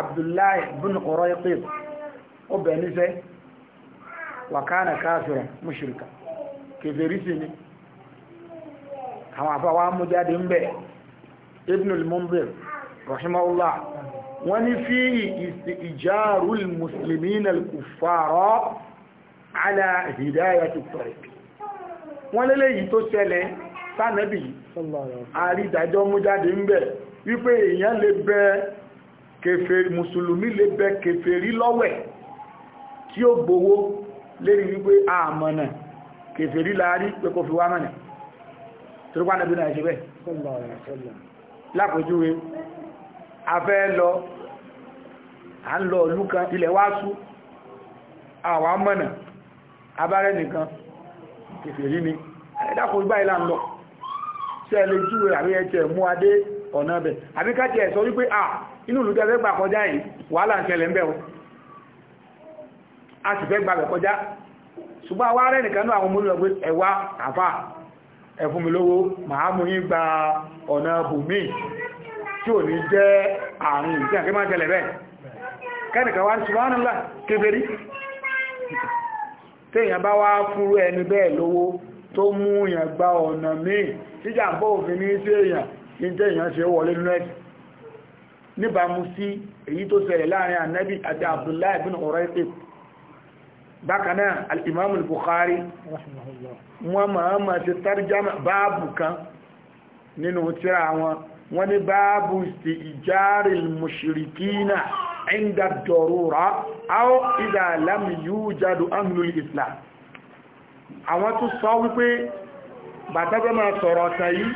[SPEAKER 1] Abdullahi bin Qurayqib ó bẹ̀ nífẹ́ wà kánà káfíra mushrika kèfèrí sí ni àwọn àfáwà mú jáde ń bẹ̀ ibn al-munzir rahimahullah wọ́n ní fi ìjáàrù muslimin al-kuffara ala hidayati tariq wọ́n lélẹ̀ yìí tó ṣẹlẹ̀ sánẹ́bì àrídájọ́ mú jáde ń bẹ̀ wípé èèyàn lè bẹ kèfèrí mùsùlùmí lè bẹ kèfèrí lọ́wẹ̀ tí ó gbowó lérí wípé àmọ̀nà kèfèrí láàrí pé kò fi wá mọ̀nà tó rúkwá nàbí náà ṣe bẹ́ lápòjúwe afẹ́ lọ à ń lọ ìlú kan ilẹ̀ wá sú àwa mọ̀nà abárẹ́ nìkan kèfèrí ni ẹ̀dàkùn ìgbà ìlà ń lọ sẹ́ lè júwe àrí ẹ̀tẹ̀ mú adé ọ̀nà bẹ̀ àbí káàkiri ẹ̀sọ́ wípé à inú ìlú tẹ́fẹ́ gbà kọjá yìí wàhálà ń ṣẹlẹ̀ ń bẹ̀ o a sì fẹ́ gbà bẹ̀ kọjá ṣùgbọ́n àwa rẹ̀ nìkan náà àwọn ọmọ olùlọ́gbé ẹ̀wà àfà ẹ̀fún mi lówó màá mú yín gba ọ̀nà bùnmí tí ò ní jẹ́ àrùn ìsìn àti máa jẹlẹ̀ bẹ́ẹ̀ kẹ́nìkan wá ṣùgbọ́n ńlá kéferí téèyàn bá wá fúrú ẹni bẹ́ẹ̀ lówó tó mú yàn gba ọ̀nà míì tíjà ń bọ́ òfin ní sí èèyàn ní téèyàn ṣe wọlé nínú ẹ̀sìn níbàámu sí èyí tó ṣẹlẹ̀ láàrin ànábì àti Abdullahi bákanáà al'imamu bukhari wọ́n máa ma ti tarjama báàbù kan nínú tírà wọn wọ́n ní báàbù sí ìjárí mushirikina inda dorura aw idha lam yujadu ahlul islam àwọn tún sọ wípé bàtàbẹ́ máa sọ̀rọ̀ ọ̀tàn yìí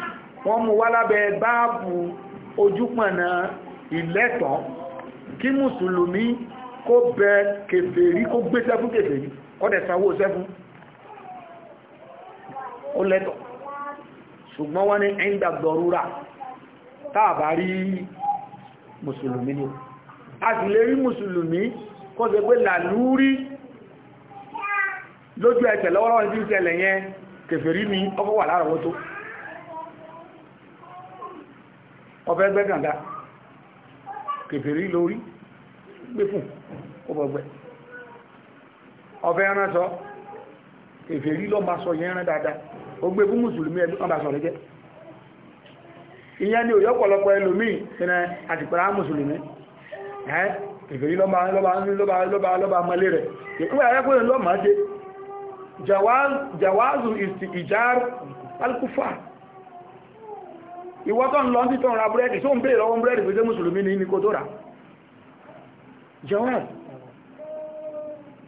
[SPEAKER 1] wọ́n mú wá lábẹ́ báàbù ojúpọ̀nà ìlẹ́tọ̀ kí mùsùlùmí kó bẹ kèfèrí kó gbé sẹ́fún kèfèrí kọ́dẹ̀ sanwó sẹ́fún ó lẹ́tọ̀ ṣùgbọ́n wọ́n ní ẹ̀yìn dàgbọ̀rúra táàbà rí mùsùlùmí ni a sì lè rí mùsùlùmí kó ṣe pé làlúrí lójú ẹsẹ̀ lọ́wọ́lọ́wọ́ tí ń ṣẹlẹ̀ yẹn kèfèrí ni ọkọ̀ wà lárọ̀wọ́ tó ọfẹ́ gbẹ́gàndà kèfèrí lórí gbé fún ó bọ̀gbẹ̀ ọ̀fẹ́ ẹran sọ èfè rí lọ́ máa sọ yẹn rán dáadáa ó gbé fún mùsùlùmí ẹbí kan bá sọ rẹ̀ jẹ́ ìyẹn ni òyọ́ pọ̀lọpọ̀ ẹlòmíì sínú àtìpẹ̀rẹ̀ mùsùlùmí ẹ́ èfè rí lọ́ba mọ́lé rẹ̀ ìpínlẹ̀ ayẹ́kùnrin lọ́ máa ṣe jawazu ìjar alkufa ìwọ́tọ̀ ń lọ títọ̀ ra búrẹ́dì tó ń bèèrè lọ́wọ́ búrẹ́dì pé mùsùlùmí ní kò tó rà jawab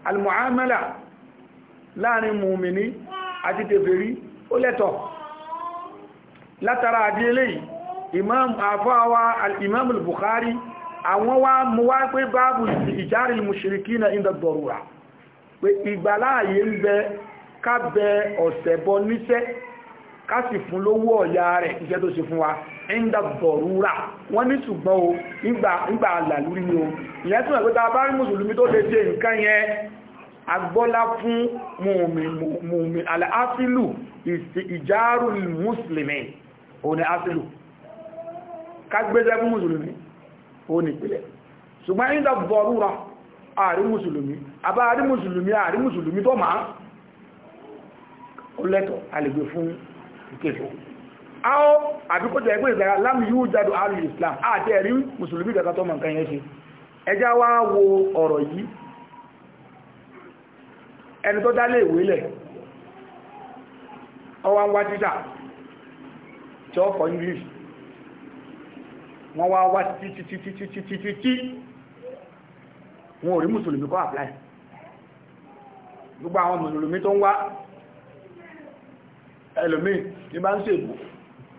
[SPEAKER 1] almuamala láàrin mùmìní àti tèfèrí ó lẹ́tọ̀ látara àdí eléyìí imam àfáwà al-imam al-bukhari àwọn wá mú wá pé báàbù ìjárí mùsìríkí na inda dọ̀rùra pé ìgbàláàyè ń bẹ ká bẹ ọ̀sẹ̀bọ níṣẹ́ ká sì fún lówó ọ̀yà rẹ̀ iṣẹ́ tó ṣe fún wa ẹ̀ndà bọ̀rúra wọ́n ní ṣùgbọ́n o nígbà àlàlúrí ni o ìyẹn tí wọ́n pẹ́ ta bá rí mùsùlùmí tó lè ṣe nǹkan yẹn agbọ́lá fún mùmí aláàfílù ìjárù mùsùlùmí o ní àfílù kágbéṣẹ́ fún mùsùlùmí o ní ìpìlẹ̀ ṣùgbọ́n ẹ̀ndà bọ̀rúra àrí mùsùlùmí àbá àrí mùsùlùmí àrí mùsùlùmí tó máa ó lẹ́tọ̀ àlègbè fún ìkẹfẹ́ áó àbíkójọ ẹgbẹ́ ìsára lámì yóò jádò àrù islam àti ẹ̀rí mùsùlùmí kẹta tó mọ̀ nǹkan yẹn ṣe ẹjá wá wo ọ̀rọ̀ yìí ẹni tó dálé ìwé lẹ̀ ọwá ń wá títà tí ó kọ english wọ́n wá wá títítítítítítí wọn ò rí mùsùlùmí kọ́ apply gbogbo àwọn mùsùlùmí tó ń wá ẹlòmíì ní bá ń ṣègbò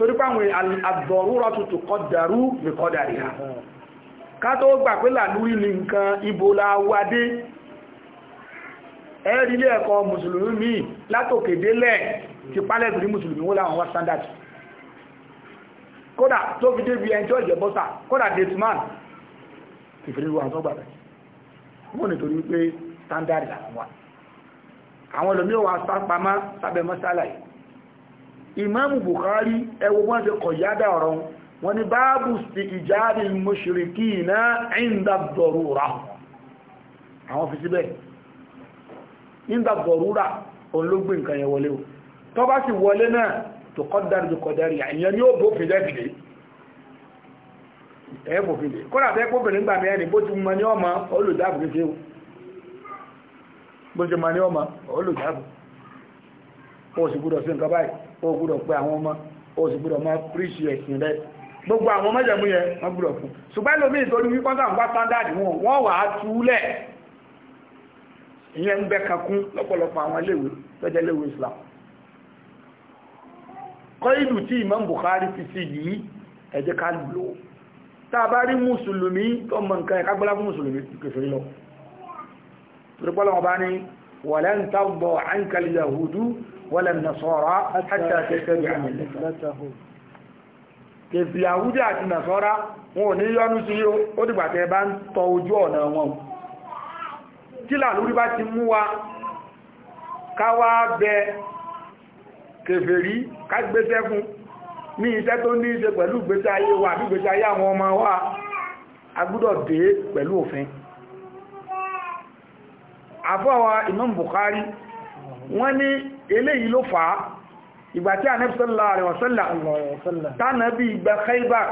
[SPEAKER 1] torí páwọn àdọ̀rúra tutù kọ dàrú rẹ̀kọ́ dàrí ha ká tó gbà pé làlúrí ní nǹkan ibòlà wádé ẹ̀rí ilé ẹ̀kọ́ mùsùlùmí mi látòkèdélẹ̀ ti pálẹ̀ ìtòrí mùsùlùmí wó láwọn wá standard kódà tó fi débi ẹni tí ó jẹ́ bọ́sà kódà dateman ìfẹ́lú imam bukhari ẹwọ wọ́n ti kọ̀yádà ọ̀rọ̀ wọn ni báàbù sí ìjáàrí mọ́ṣìríkì náà inda dọ̀rúra àwọn fi síbẹ̀ inda dọ̀rúra olóògbé nǹkan yẹn wọlé o tó bá sì wọlé náà tó kọ́dárì tó kọ́dárì àìyàn ni ó bó fi lẹ́fìdé ẹ̀ẹ́bò fi lè kọ́nà tẹ́ kóbìnrin ọmọ olùdáàbò ó sì gbúdọ̀ sí nǹkan báyìí ó gbúdọ̀ pé àwọn ọmọ ó sì gbúdọ̀ máa príṣì ẹ̀sìn rẹ̀ gbogbo àwọn mẹ́jẹ̀mú yẹn wọ́n gbúdọ̀ fún ṣùgbọ́n lómi ìtorí wípọ́n tàbí bá sáńdáàdì wọn wọ́n wà á túlẹ̀ ìyẹn ń bẹ kankún lọ́pọ̀lọpọ̀ àwọn iléèwé tọ́jẹ́ iléèwé Islam kọ́ ìlú tí Imam Bukhari fi sí yìí ẹ jẹ́ ká lò tá a bá rí mùsùlùmí tó mọ nǹkan ẹ̀ká gbọ́lá fún mùsùlùmí kèfèrí lọ torípọ́lọ́wọ́ bá ní walan tarda anka al-yahudu ولا النصارى حتى تتبع ملتهم kèfì àwúdí àti nàṣọ́rá wọn ò ní yọ́nú sí yíó ó dìgbà tẹ́ bá ń tọ ojú ọ̀nà wọn tí làlúrí bá ti mú wa káwà bẹ kèfèrí kágbésẹ́ fún ní iṣẹ́ tó ní iṣẹ́ pẹ̀lú ìgbésí ayé wa àbí ìgbésí ayé àwọn ọmọ wa agbúdọ̀ dé pẹ̀lú òfin àfọwà Imam Bukhari wọ́n ní eléyìí ló fà á ìgbà tí Ànábì sallallahu alaihi wasallam tánàbí ìgbà Khaybar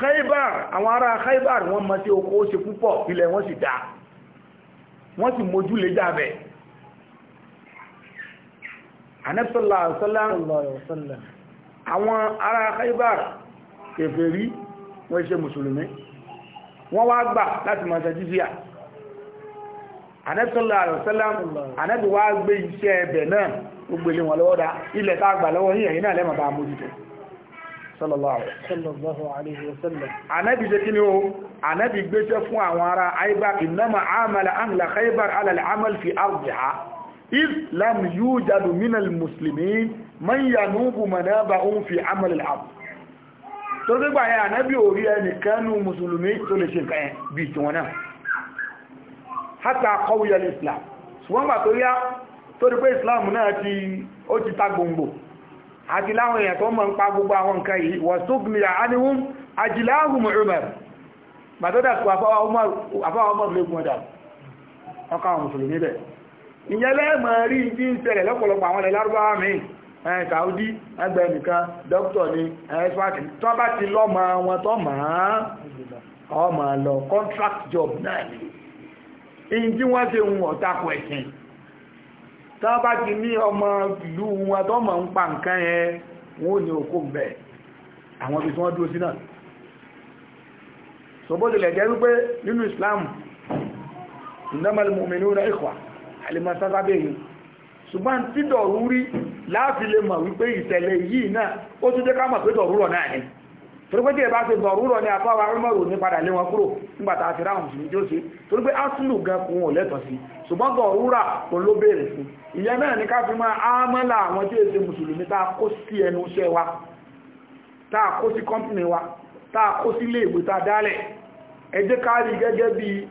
[SPEAKER 1] Khaybar àwọn ará Khaybar wọ́n mọ́ sí oko ó ṣe púpọ̀ ilẹ̀ wọ́n sì dá wọ́n sì mójú lé jábẹ̀ Ànábì sallallahu alaihi wasallam àwọn ará Khaybar kèfèrí wọ́n ṣe mùsùlùmí wọ́n wá gbà láti mọ̀ anẹ́sọ́lá àrọ̀sẹ́lám anẹ́bí wá gbé iṣẹ́ ẹbẹ̀ náà gbogbo ilé wọn lọ́wọ́ dá ilẹ̀ tá àgbà lọ́wọ́ yìí ẹ̀yìn náà lẹ́mọ̀ bá mójútó anẹ́bí ṣe kí ni ó anẹ́bí gbéṣẹ́ fún àwọn ará aibar ìnáma àmàlà àmàlà khaibar alàlẹ̀ àmàlà fi arziha if lam yujadu minal muslimin man yanubu manaba un fi amal hátà kọwúyẹlì islam ṣùgbọ́n gbà tó yá tó rí islam náà ti ó ti ta gbòǹgbò àti láwọn èèyàn tó mọ̀ ń pa gbogbo àwọn nǹkan yìí wọ́n sógbìnà aníwún ajíláhùn umar gbàtọ́dà kò àfáwọn ọmọ ìlú ọdá ọkà àwọn mùsùlùmí bẹ̀ ìyẹlẹ́ mọ̀ rí tí ń ṣẹlẹ̀ lọ́pọ̀lọpọ̀ ni ẹ̀ẹ́sìpáàkì tó bá ti lọ́mọ wọn tó ọmọ lọ contract job náà ni èyí tí wọ́n ṣe ń ọ̀tako ẹ̀sìn tán bá ti ní ọmọ ìlú wọn tó mọ̀ ń pa nǹkan yẹn wọn ò ní òkú bẹ̀ àwọn ibi tí wọ́n dúró sí náà sọ́bọ́dìlẹ̀ jẹ́ wípé nínú Islam innamal mu'minuna ikhwa alimasasabeyin ṣùgbọ́n tí dọ̀rú rí láti lè mọ̀ wípé ìṣẹ̀lẹ̀ yìí náà ó tún jẹ́ ká mọ̀ pé dọ̀rú rọ̀ náà ni torípé ìbá ṣe bọ̀ rúrọ̀ ní àpáwà rúmọ̀rù ní padà lé wọn kúrò nígbàtà àti ráhùn sí jó sí torípé áṣùlù gan kún ò lẹ́tọ̀ sí ṣùgbọ́n kò ló fún ìyẹn náà ní máa àwọn tí mùsùlùmí tá a kó sí ẹnu iṣẹ́ wa tá a kó sí wa tá a kó sí ilé ìwé tá a dálẹ̀ ẹ jẹ́ ká rí gẹ́gẹ́ bí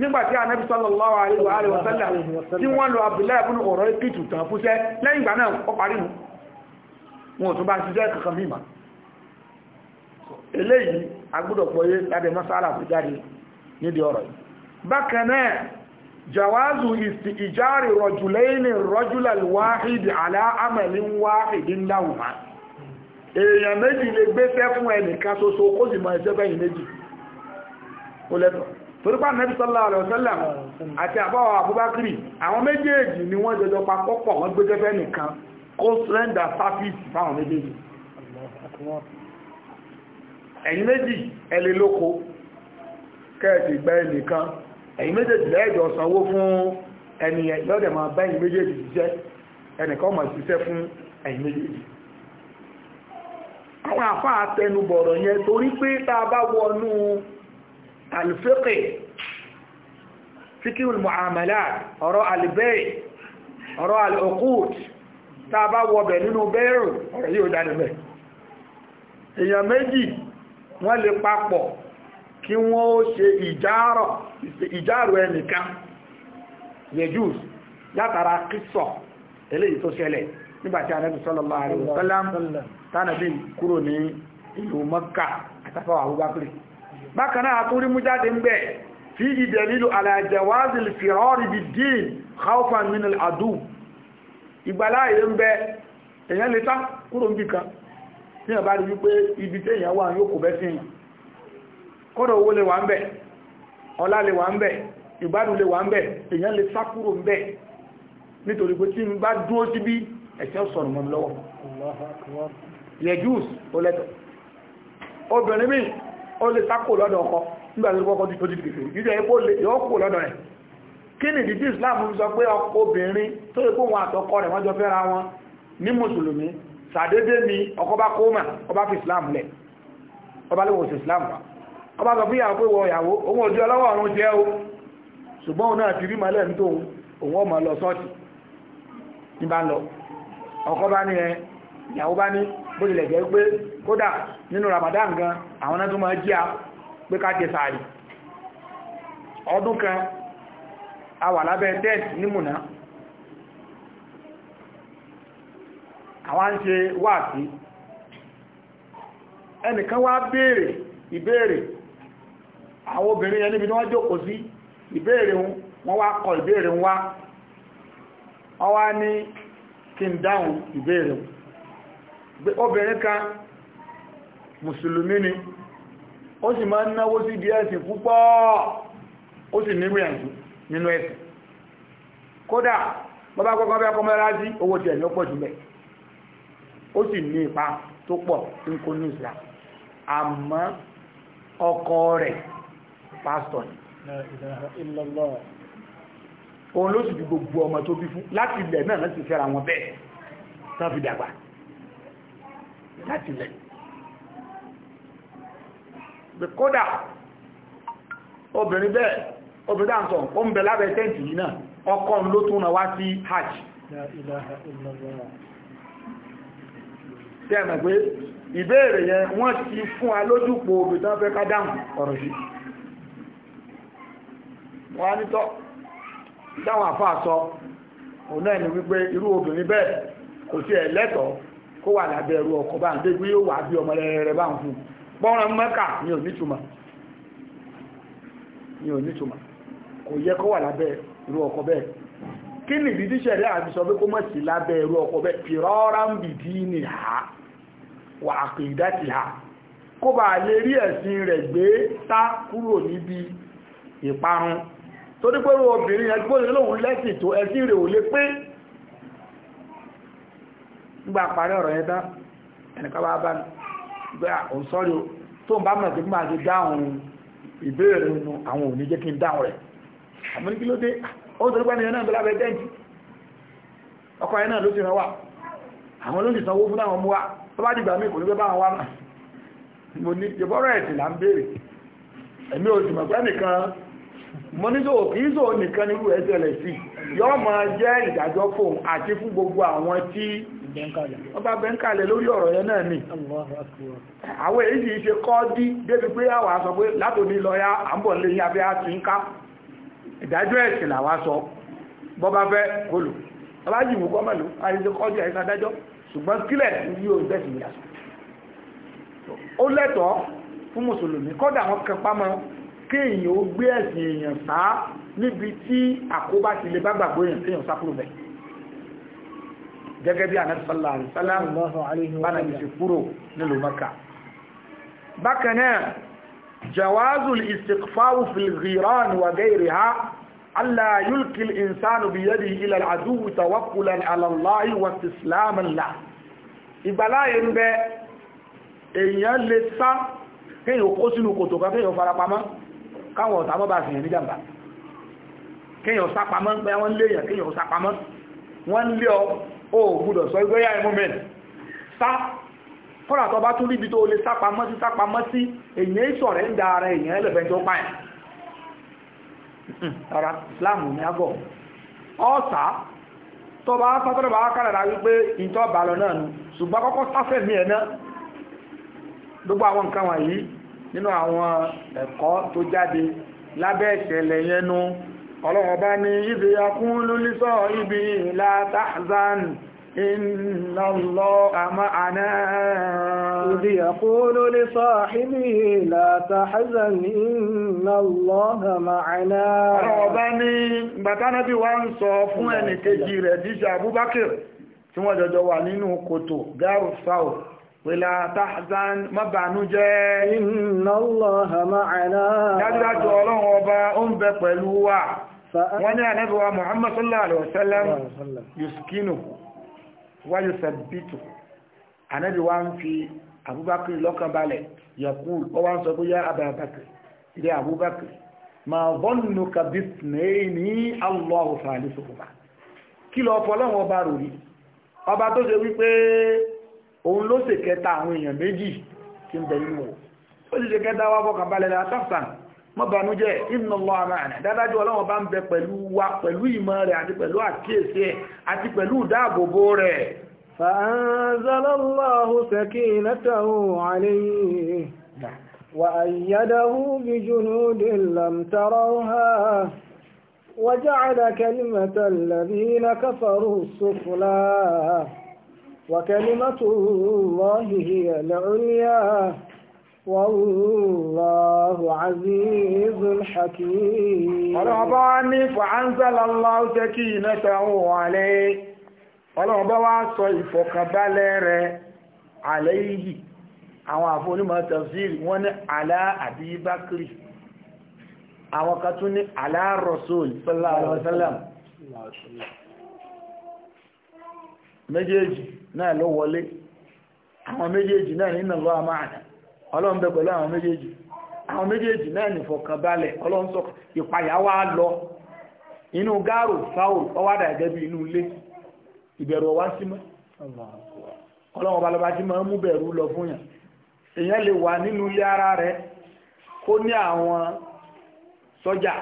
[SPEAKER 1] nígbàtí ànábì sallallahu alaihi wa sallam tí wọ́n lọ Abdullahi ibn Urayqit tàn fúnṣẹ́ lẹ́yìn ìgbà náà ó parí nù wọn ò tún bá ṣiṣẹ́ kankan mímọ̀ eléyìí agbúdọ̀ pọ̀yé lábẹ́ masala fún jáde nídìí ọ̀rọ̀ yìí bákan náà jawazu ìjáre rọjùlẹ́yìnì rọjùlẹ̀ wáhìdì aláàmẹ̀lì wáhìdì ńláwùmá èèyàn méjì lè gbéṣẹ́ fún ẹnìkan ṣoṣo kó ó lẹ́tọ̀ọ́ torípa nẹ́bí sallallahu alaihi wasallam àti àbáwọ̀ àbúbákìrì àwọn méjèèjì ni wọ́n jọjọ papọ̀pọ̀ wọ́n gbé jẹ́fẹ́ nìkan kó sẹ́ndà sáfíìsì fáwọn méjèèjì ẹ̀yin méjì ẹlẹ́ lóko kẹ́ẹ̀sì gbẹ́ nìkan ẹ̀yin méjèèjì lẹ́ẹ̀jọ sanwó fún ẹni lọ́dẹ̀ máa bá ẹ̀yin méjèèjì ṣiṣẹ́ ẹnìkan máa ṣiṣẹ́ fún ẹ̀yin méjèèjì àwọn àfáà tẹnubọ̀rọ̀ yẹn torí pé tá a bá wọnú alifẹ́kẹ̀ fíkíhùn mu'amala ọ̀rọ̀ alibẹ́ẹ̀ ọ̀rọ̀ al'okut ta bá wọbẹ̀ nínú bẹ́ẹ̀rù ọ̀rọ̀ yóò dánimẹ̀ èèyàn méjì wọ́n lè papọ̀ kí wọ́n ó ṣe ìjárò ẹnìkan yẹjús látara kìsọ̀ eléyìí tó ṣẹlẹ̀ nígbàtí Ànábì sallallahu alaihi wasallam tánàbí kúrò ní ìlú Mọ́kà àtàfà Abubakar bákanáà tó rí mú jáde ń bẹ̀ fi ìdẹ̀lílò alàjẹ̀wázìl fìrọ́rì bí dín haufan min al'adu ìgbàláyé ń bẹ èyàn lè tá kúrò ń bì kan tí yàn bá rí wípé ibi tí èyàn wà yóò kò bẹ́ sí yàn kọ́dọ̀ owó lè wà ń bẹ ọlá obìnrin míì ó lè sákò lọ́dọ̀ ọkọ nígbà tó kọ́kọ́ tó dìde kìfì jíjọ epo lè yọ kò lọ́dọ̀ ẹ̀ kí ni ìdí tí Islam sọ pé obìnrin tó epo wọn àtọkọ rẹ̀ wọ́n jọ fẹ́ra wọn ní mùsùlùmí sàdédé ni ọkọ bá kó mà ọba fi Islam lẹ̀ ọba lè wọ̀ sí Islam wa ọba sọ fún ìyàwó pé wọ ìyàwó òun òjò ọlọ́wọ́ ọ̀run jẹ́ o ṣùgbọ́n òun náà ti rí màálẹ̀ ní tóun òun ọmọ lọ sọ́ọ̀tì ní bá ń lọ ọkọ bá ní ẹ ìyàwó bá ní bó tilẹ̀ jẹ́ pé kódà nínú Ramadan gan àwọn náà tó máa jí a pé ká jẹ sàárì ọdún kan a wà lábẹ́ tent ní Mùnà àwọn ń ṣe wáàsí ẹnìkan wá béèrè ìbéèrè àwọn obìnrin yẹn níbi wọ́n jókòó sí ìbéèrè wọn wá kọ ìbèèrè wọn wá wọ́n ní kí n dáhùn wọn obìnrin kan mùsùlùmí ni ó sì máa ń náwó sí ẹ̀sìn púpọ̀ ó sì nígbìyànjú nínú ẹ̀sìn kódà bọ́bá kọ́kọ́ bí akọ́mọ́ra sí owó tí ẹ̀yìn ó pọ̀ jùlẹ̀ ó sì ní ipa tó pọ̀ tí ń kó ní ìsìlá àmọ́ ọkọ rẹ̀ pásítọ̀ ni òun ló sì di gbogbo ọmọ tó bí fún láti ilẹ̀ náà láti fẹ́ra wọn bẹ́ẹ̀ tán fi dàgbà láti lẹ̀ kódà obìnrin bẹ́ẹ̀ obìnrin dáǹtọ̀ ó ń bẹ lábẹ́ tẹ́ǹtì yìí náà ọkọ ló tún wá sí hajj tẹ́ẹ̀mẹ̀ pé ìbéèrè yẹn wọ́n ti fún alójúpò obìnrin fẹ́ ká dáhùn ọ̀rọ̀ sí wọ́n á nítọ́ dáhùn àfáà sọ òun kó wà lábẹ́ ẹrú ọkọ̀ bá ń dé bí yóò wà bí ọmọ rẹ̀ bá ń fún gbọ́nrán mẹ́kà ni ò nítumọ̀ ni ò nítumọ̀ kò yẹ kó wà lábẹ́ ẹrú ọkọ̀ bẹ́ẹ̀ kí ni ìdí tíṣẹ̀rí àbísọ pé kó mọ̀ lábẹ́ ẹrú ọkọ̀ bẹ́ẹ̀ pìrọ́rá bì ha wà àkìdá ti ha kó bá lè rí ẹ̀sìn rẹ̀ gbé tá kúrò níbi ìparun nígbà parí ọ̀rọ̀ yẹn tán ẹnìkan bá bá gbé ah, òun sọ́rí tó ń bá mọ̀ pé máa ti dáhùn ìbéèrè nu àwọn òní jẹ́ kí n dáhùn rẹ̀ àmọ́ ní kí ló dé ah, ó ń sọ́rọ́gbà nìyẹn náà bẹ́lá bẹ́ tẹ́ǹtì ọkọ̀ ẹ̀ náà ló ti rán wà àwọn ló sì sanwó fún àwọn ọmọ wa tó bá dìgbà mí kò ní bẹ́ bá wọn wá mà mo ní ìbọ́rọ̀ ẹ̀sìn là nìkan mo ẹ̀sẹ̀lẹ̀ sí yọ́ máa jẹ́ ìdájọ́ fóun àti fún gbogbo àwọn tí ọba bẹ́ńkàlẹ̀ lórí ọ̀rọ̀ yẹn náà ni àwọn èyí yìí ṣe kọ́ dí débi pé àwa sọ pé látòní lọ ya àmbọ̀ lè yá bí a ti ń ká ìdájọ́ ẹ̀sìn làwa sọ bọ́bá fẹ́ kólù ọba jìbù kọ́mọ̀lú àìṣe kọ́ dí àìṣe adájọ́ ṣùgbọ́n kílẹ̀ ní yóò bẹ́sìn yàtọ̀ ó lẹ́tọ̀ọ́ fún mùsùlùmí kọ́dà wọn kẹpa mọ́ kéèyàn ó gbé ẹ̀sìn èèyàn sá níbi tí àkóbá ti lè bá gẹ́gẹ́ bí ànábì sallallahu alaihi wasallam bánà bí ṣe kúrò nílùú maka bákan náà jawazul istighfaru fil ghiran wa ghayriha alla yulki al insanu bi yadihi ila al aduwwi tawakkulan ala allahi wa istislaman lah ìgbàláyé ń bẹ èèyàn lè sá kéèyàn kó sínú kòtò kan kéèyàn farapamọ́ káwọn ọ̀tá mọ́bà fìyàn níjàmbá kéèyàn sápamọ́ pé wọ́n lé èèyàn kéèyàn sápamọ́ wọ́n lé ọ ó gbúdọ̀ sọ ẹgbẹ́ yà ìmúmẹ́n sá kọ́nà tó bá tún líbi tó lè sápamọ́ sí sápamọ́ sí èyàn ìṣọ̀ rẹ̀ ń da ara èyàn ẹlẹ́fẹ́ tó pààyàn rárá Islam ní agọ́ ọ̀sá tó bá sátọ́rọ̀ bá kárẹ̀rá wípé ìtọ́ bá lọ náà nù ṣùgbọ́n kọ́kọ́ sáfẹ́ mi ẹ̀ náà gbogbo àwọn nǹkan wọ̀nyí nínú àwọn ẹ̀kọ́ tó jáde lábẹ́ ìṣẹ̀lẹ̀ yẹn nú ọlọ́wọ́ bá ní ibi akúnlú lísọ́ ibi la tahzan inna Allaha ma'ana ibi akúnlú lísọ́ ibi la tahzan inna Allaha ma'ana ọlọ́wọ́ bá ní bàtánàbí wá ń sọ fún ẹnì kejì rẹ̀ díṣẹ́ Abubakar tí wọ́n jọjọ wà nínú kòtò gáàrù sáwọ̀ wèlà tàhzán mọ́bànú jẹ́ inna Allaha ma'ana dájúdájú ọlọ́run ọba ó ń bẹ pẹ̀lú wa wọ́n ní ànẹ́bíwá Muhammad sallallahu alaihi wasallam yuskinu wa yusabbitu ànẹ́bíwá ń fi Abubakar lọ́kàn balẹ̀ yakul ó wá ń sọ bóyá Abubakar ilé Abubakar ma zọ́nù kàbísìnẹ́ ní Allahu fàálísùkùnmá kí lọ fọ́lọ́wọ́ bá rò rí ọba tó ṣe wípé òun ló ṣe kẹta àwọn èèyàn méjì tí ń bẹ nínú ó ṣe kẹta wá fọkànbalẹ̀ látàfsàn mọ́ bànújẹ́ inna Allaha ma'ana dádájú ọlọ́wọ́ bá ń bẹ pẹ̀lú wa pẹ̀lú ìmọ̀ rẹ̀ àti pẹ̀lú àkíyèsí ẹ̀ àti pẹ̀lú ìdáàbòbò rẹ̀ فأنزل الله سكينته عليه وأيده بجنود وكلمة الله هي العليا Wa azizul hakim. Ọlọ́run bá ní fa'anzala Allahu sakinatahu na Ọlọ́run bá wá sọ ìfọ̀kànbalẹ̀ rẹ̀ tafsir wọ́n ní ala Abi awon kan tún ní ala Rasul sallallahu alaihi wasallam. Méjèèjì náà ló wọlé. Àwọn na náà nínú Allah ma'ana. ọlọ́run bẹ pẹ̀lú àwọn méjèèjì àwọn méjèèjì náà ní fọkànbalẹ̀ ọlọ́run sọ ìpayà wá lọ inú gáàrò fáwọ̀ ọwádà ẹ̀gẹ́ bí inú ilé ìbẹ̀rù ọwá sí mọ́ ọlọ́run ọba lọba tí máa ń mú bẹ̀rù lọ fún yàn èèyàn lè wà nínú ilé ara rẹ̀ kó ní àwọn sọ́jà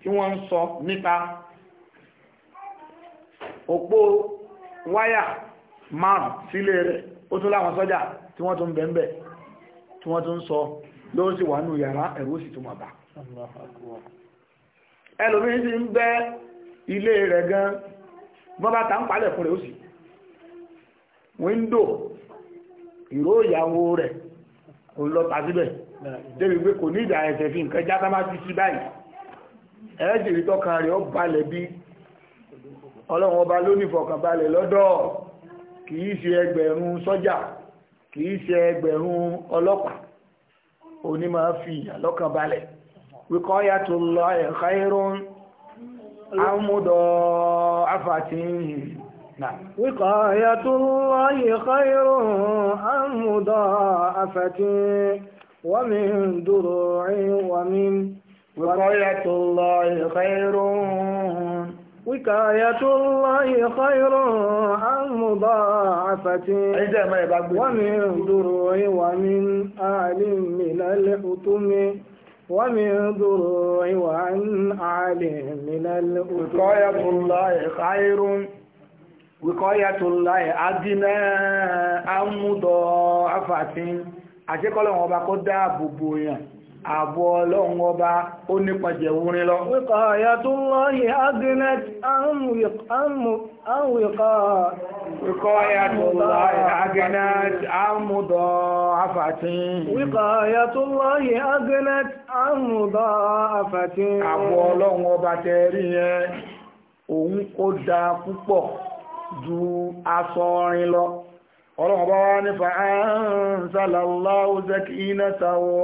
[SPEAKER 1] tí wọ́n ń sọ nípa òpó wáyà márùn sílé rẹ̀ ó tún láwọn sọ́jà tí wọ́n tún bẹ̀ ń bẹ̀ tí wọ́n tún sọ lóòsì wà nù yàrá ẹ̀rù sì tún ọ̀bà ẹlòmíín ti ń bẹ́ ilé rẹ̀ gan bọ́n bá ta ń palẹ̀ fún rẹ̀ ó sì wíńdò rẹ̀ kò lọ ta síbẹ̀ débi pé kò ní ẹ̀sẹ̀ fi nǹkan já sábà ti sí báyìí ẹ̀ẹ́dìrí tọ́kan rẹ̀ ó balẹ̀ bí ọlọ́run ọba lónìí kì í ṣe ẹgbẹ̀rún sọ́jà kìí ṣe ẹgbẹ̀rún ọlọ́pàá òní máa fi ìyà lọ́kàn balẹ̀ wíkọ́ yàtọ̀ lọ ẹ̀ka irun amúdọ̀ afàtìyìn náà. wíkọ́ yàtọ̀ lọ ẹ̀ka irun amúdọ̀ afàtìyìn wọ́n dúró rí wọ́n wíkọ́ yàtọ̀ lọ ẹ̀ka irun. وكاية الله خير عن مضاعفة ومن دروع ومن آل من الحتم ومن دروع وعن آل من الحتم وكاية الله خير وكاية الله أدنى عن مضاعفة àṣekọ́lọ́wọ́n ọba kó dáàbò bò yàn ààbò ọlọ́run ọba ó nípa jẹ̀wúrin lọ. wíkọ̀ agnet agnet afatin. wíkọ̀ ayatullahi agnet amudọ̀ afatin. tẹ̀rí yẹn òun púpọ̀ ju aṣọ lọ. ọlọ́run bá wá ní fa'ánzàláwò sẹ́kínátàwò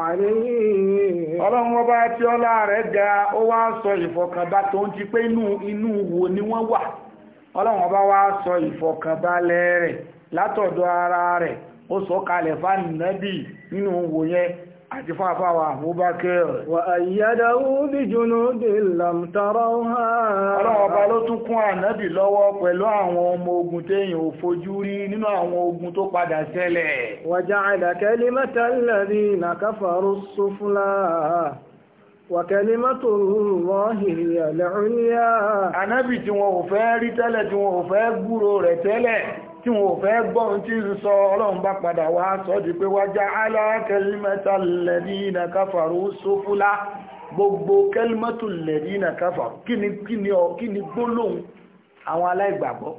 [SPEAKER 1] aléyìn ọlọ́run bá tí ọlá rẹ̀ ga ó wá sọ ìfọ̀kànbá tó ń ti pé inú inú wo ni wọ́n wà ọlọ́run bá wá sọ ìfọ̀kànbalẹ̀ rẹ̀ látọ̀dọ̀ ara rẹ̀ ó sọ kalẹ̀ fánìyàn nínú àti fún àfáwà Abubakar wà ayyadahu bi junudin lam tarawha ọlọ́ọ̀bá ló tún kún ànábì lọ́wọ́ pẹ̀lú àwọn ọmọ ogun téèyàn ò fojú rí nínú àwọn ogun tó padà ṣẹlẹ̀ wa ja'ala kalimatal ladhina kafaru sufla wàkẹ́límọ́tò lọ́hìrì al-ulya. anábì tí wọn ò fẹ́ rí tẹ́lẹ̀ tí wọn ò fẹ́ gbúrò rẹ̀ tẹ́lẹ̀ tí wọ́n fẹ́ gbọ́n tí ń sọ ọlọ́run bá padà wá sọ pé wájá alákẹ́límẹ́ta lẹ́dínà sófúlá gbogbo kẹ́límẹ́tù lẹ́dínà káfàrú kí ni gbólóhùn àwọn aláìgbàgbọ́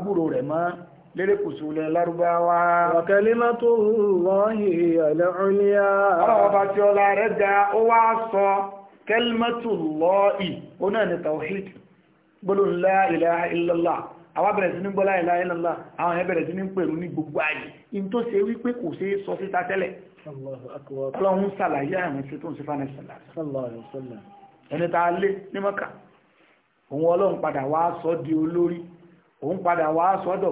[SPEAKER 1] gbogbo lérékùsù ilẹ̀ lárúbáwá. ọ̀kẹ́límọ́ tó lọ́hì ẹ̀lẹ́ọ̀lẹ́yà. ọlọ́wọ́ bá tí ọlá rẹ̀ ga ó wá sọ kẹ́límọ́tù lọ́ọ̀ì ó náà ní tawhid gbọ́dọ̀ ńlá ilaha illallah àwọn abẹ̀rẹ̀ sí ní gbọ́lá ilaha illallah àwọn ẹ̀ bẹ̀rẹ̀ sí ní pẹ̀lú ní gbogbo ayé in tó ṣe wípé kò ṣe é sọ síta tẹ́lẹ̀ ọlọ́run ṣàlàyé àwọn ẹ̀ṣẹ̀ tó ń òun padà wá sọ di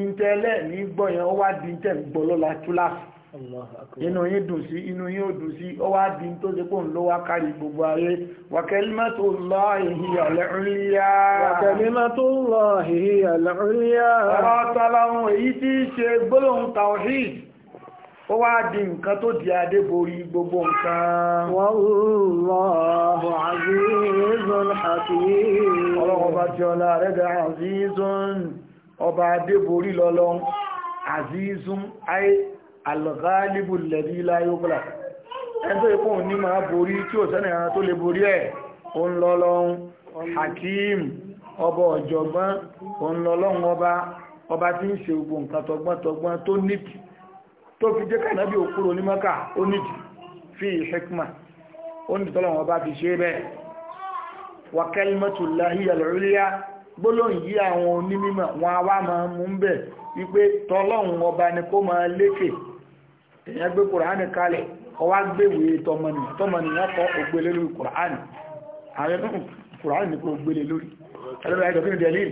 [SPEAKER 1] ìtẹ́lẹ̀ ní gbọ́yàn ó wá di tẹ̀ gbọ́ lọ́la túláàsì inú yín dùn sí inú yín ò dùn sí ó wá di tó ṣe pò ń ló wá kárí gbogbo ayé wa kalimatullahi hiya al-ulya wa kalimatullahi hiya al-ulya ọ̀rọ̀ èyí tí í ṣe gbólóhùn tawhid ó wá di nǹkan tó di adéborí gbogbo nǹkan wallahu azizun hakim ọlọ́wọ́ bá jọ láàrẹ́dà azizun ọba adéborí lọ́lọ́n azizun ayé alghalibu lẹ́bí láyógbà ẹgbẹ́ ikú ní máa borí tí ò sẹ́nà ẹran tó lè borí ẹ̀ o ń lọ́lọ́n hakim ọba ọ̀jọ̀gbọ́n o ń lọ́lọ́n ọba ọba tí ń ṣe gbogbo nǹkan tọgbọ́ntọgbọ́n tó nídìí tó fi jẹ́ kànábí òkúrò ní mọ́kà ó nídìí fi hikma ó nídìí tọ́lọ́wọ́n ọba fi ṣe bẹ́ẹ̀ wa kalimatullahi al gbólóhùn yí àwọn onímọ̀ wọn awá máa mú ń bẹ̀ wípé tọlọ́hun ọba ni kó máa lékè èèyàn gbé kùránì kalẹ̀ ọwá gbéwé tọmọnìyàn tọmọnìyàn kọ ògbélé lórí kùránì àwọn ẹgbẹ́ kùránì ni kò gbélé lórí ẹlẹ́bẹ̀ẹ́ ẹ̀dọ̀ kí ni dẹ̀lí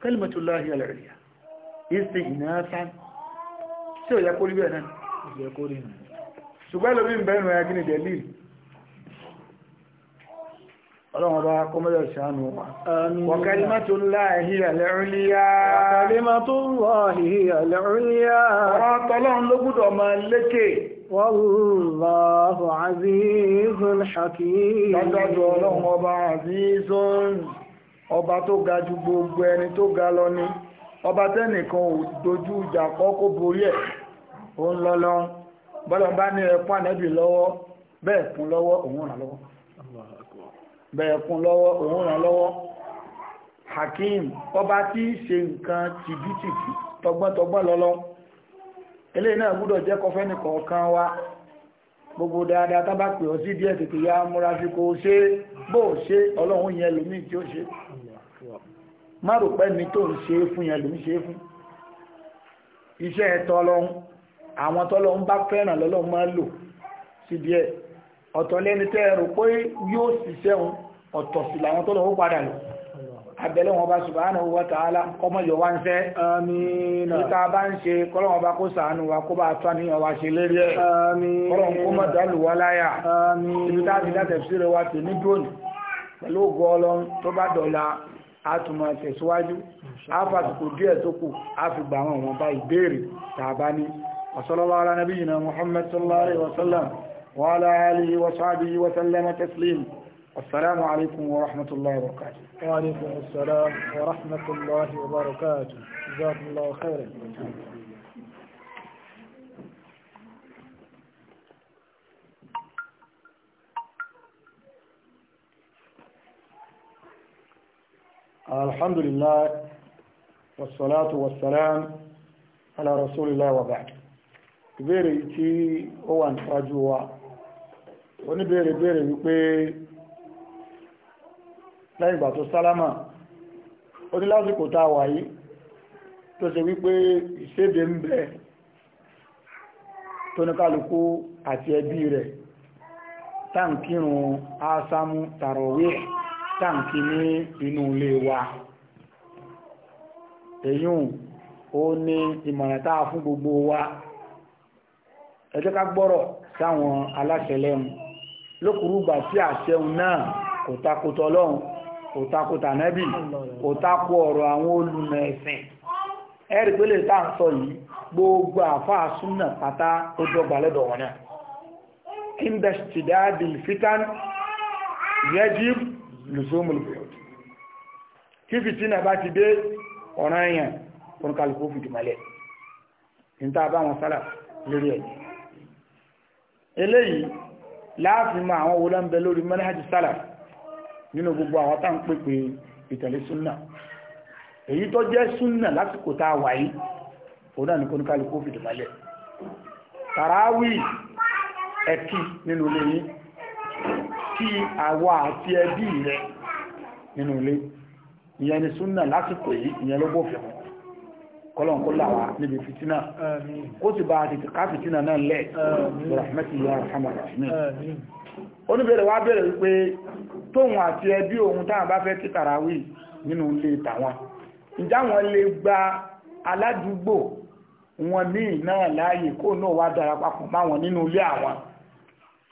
[SPEAKER 1] kalimatullahi alẹ́rìyà ìsìn ìnáṣán tí ò yẹ bẹ́ẹ̀ náà ṣùgbọ́n ń bẹ́ẹ̀ nù dẹ̀lí ọlọ́run bá kọmọ́lẹ̀ ìṣàánú wa wọ̀kẹ́límọ́tò láàáhí ẹ̀lẹ́rìnlẹ́yà wọ̀kẹ́límọ́tò láàáhí ẹ̀lẹ́rìnlẹ́yà ọ̀rọ̀ tọ́lọ́run ló gbọ́dọ̀ máa lékè wallahu azizun hakim lọ́dọ́dọ̀ ọlọ́run ọba azizun ọba tó ga ju gbogbo ẹni tó ga lọ ni ọba tẹ́nìkan ò dojú ìjà kọ́ kó borí ẹ̀ ó ń lọ́lọ́ bọ́lọ̀ bá ní ẹ̀kún ànẹ́bì lọ́wọ́ bẹ́ẹ̀ kún lọ́wọ́ òun ràn lọ́wọ́ bẹ̀rẹ̀ kún lọ́wọ́ òun ràn lọ́wọ́ hakim ọba tí í ṣe nǹkan tìbítìbí tọgbọ́ntọgbọ́n lọ́lọ́ eléyìí náà gbọ́dọ̀ jẹ́ kọfẹ́ nìkọ̀ọ̀kan wa gbogbo dáadáa tá bá pè ọ́ sí díẹ̀ tètè ya múra sí kò ṣe bó ṣe ọlọ́run yẹn lómi tí ó ṣe má rò pé mi tó ń ṣe é fún yẹn lómi ṣe é fún iṣẹ́ ẹ̀tọ́ ọlọ́run àwọn tọ́lọ́run bá fẹ́ràn lọ́lọ́run máa lò sí díẹ̀ ọ̀tọ̀ lẹ́ni tẹ́ ẹ̀rù pé yóò ṣiṣẹ́ òun ọ̀tọ̀ sí làwọn tó lọ́wọ́ padà lọ abẹ́lẹ́ wọn bá subhanahu wa ta'ala kọmọ yọ wá ń fẹ́ àmín níta bá ń ṣe kọ́lọ́wọ́n bá kó sàánú wa kó bá tọ́ ní ọwà ṣe lérí ẹ̀ àmín kọ́lọ́wọ́n kó mọ̀ dálù wá láyà àmín ibi tá a ti dátẹ̀ sí rẹ̀ wá tè ní wa sallallahu ala nabiyyina Muhammad sallallahu alaihi wa sallam وعلى آله وصحبه وسلم تسليم السلام عليكم ورحمة الله وبركاته وعليكم السلام ورحمة الله وبركاته جزاكم الله خيرا الحمد لله والصلاة والسلام على رسول الله وبعد ìbéèrè tí ó هو أن niwaju oníbèrè béèrè wípé lẹ́yìn ìgbà tó sálámà ó ní lásìkò tá a wà yìí tó ṣe wípé ìséde ń bẹ tó ní kálukú àti ẹbí rẹ̀ táǹkírun ásámú tàrọ̀wé táǹkì ní inú ilé wa èyún ó ní ìmọ̀ràn táa fún gbogbo wa ẹ jẹ́ ká gbọ́rọ̀ sáwọn aláṣẹ lẹ́nu lókùrúgbà tí àṣẹun náà kò takòtò ọlọ́run kò takòtà nẹ́bì kò takò ọ̀rọ̀ àwọn olùmọ̀ ẹ̀sìn ẹ̀rì pé lè táà ń sọ yìí gbogbo àfáà súnà pátá ó dọ́gba lẹ́dọ̀ wọn náà indestidadi fitan yajib lùsùmùlù tí fìtínà bá ti dé láàfin ma àwọn owó lọ́nbẹ lórí manhaj salaf nínú gbogbo àwọn tá ń pèpè ìtẹ̀lé súnà èyí tó jẹ́ súnà lásìkò tá a wà yìí òun náà ní kó ní kálukú fìdí balẹ̀ tàràwì ẹ̀kí nínú ilé yìí kí àwa àti ẹbí rẹ nínú ilé ìyẹn ni súnà lásìkò yìí ìyẹn ló bófin mu kọlọ̀n kó láwá níbi fitina ó ti bá a tètè ká fitina náà lẹ̀ rahmatu ya rahama rahimin oníbẹ̀rẹ̀ wá bẹ̀rẹ̀ wípé tóhun àti ẹbí ohun táwọn bá fẹ́ kí tàràwì nínú ilé tàwọn ìjáwọn lè gba aládùúgbò wọn ní náà láàyè kó náà wá darapapọ̀ máwọn nínú ilé àwọn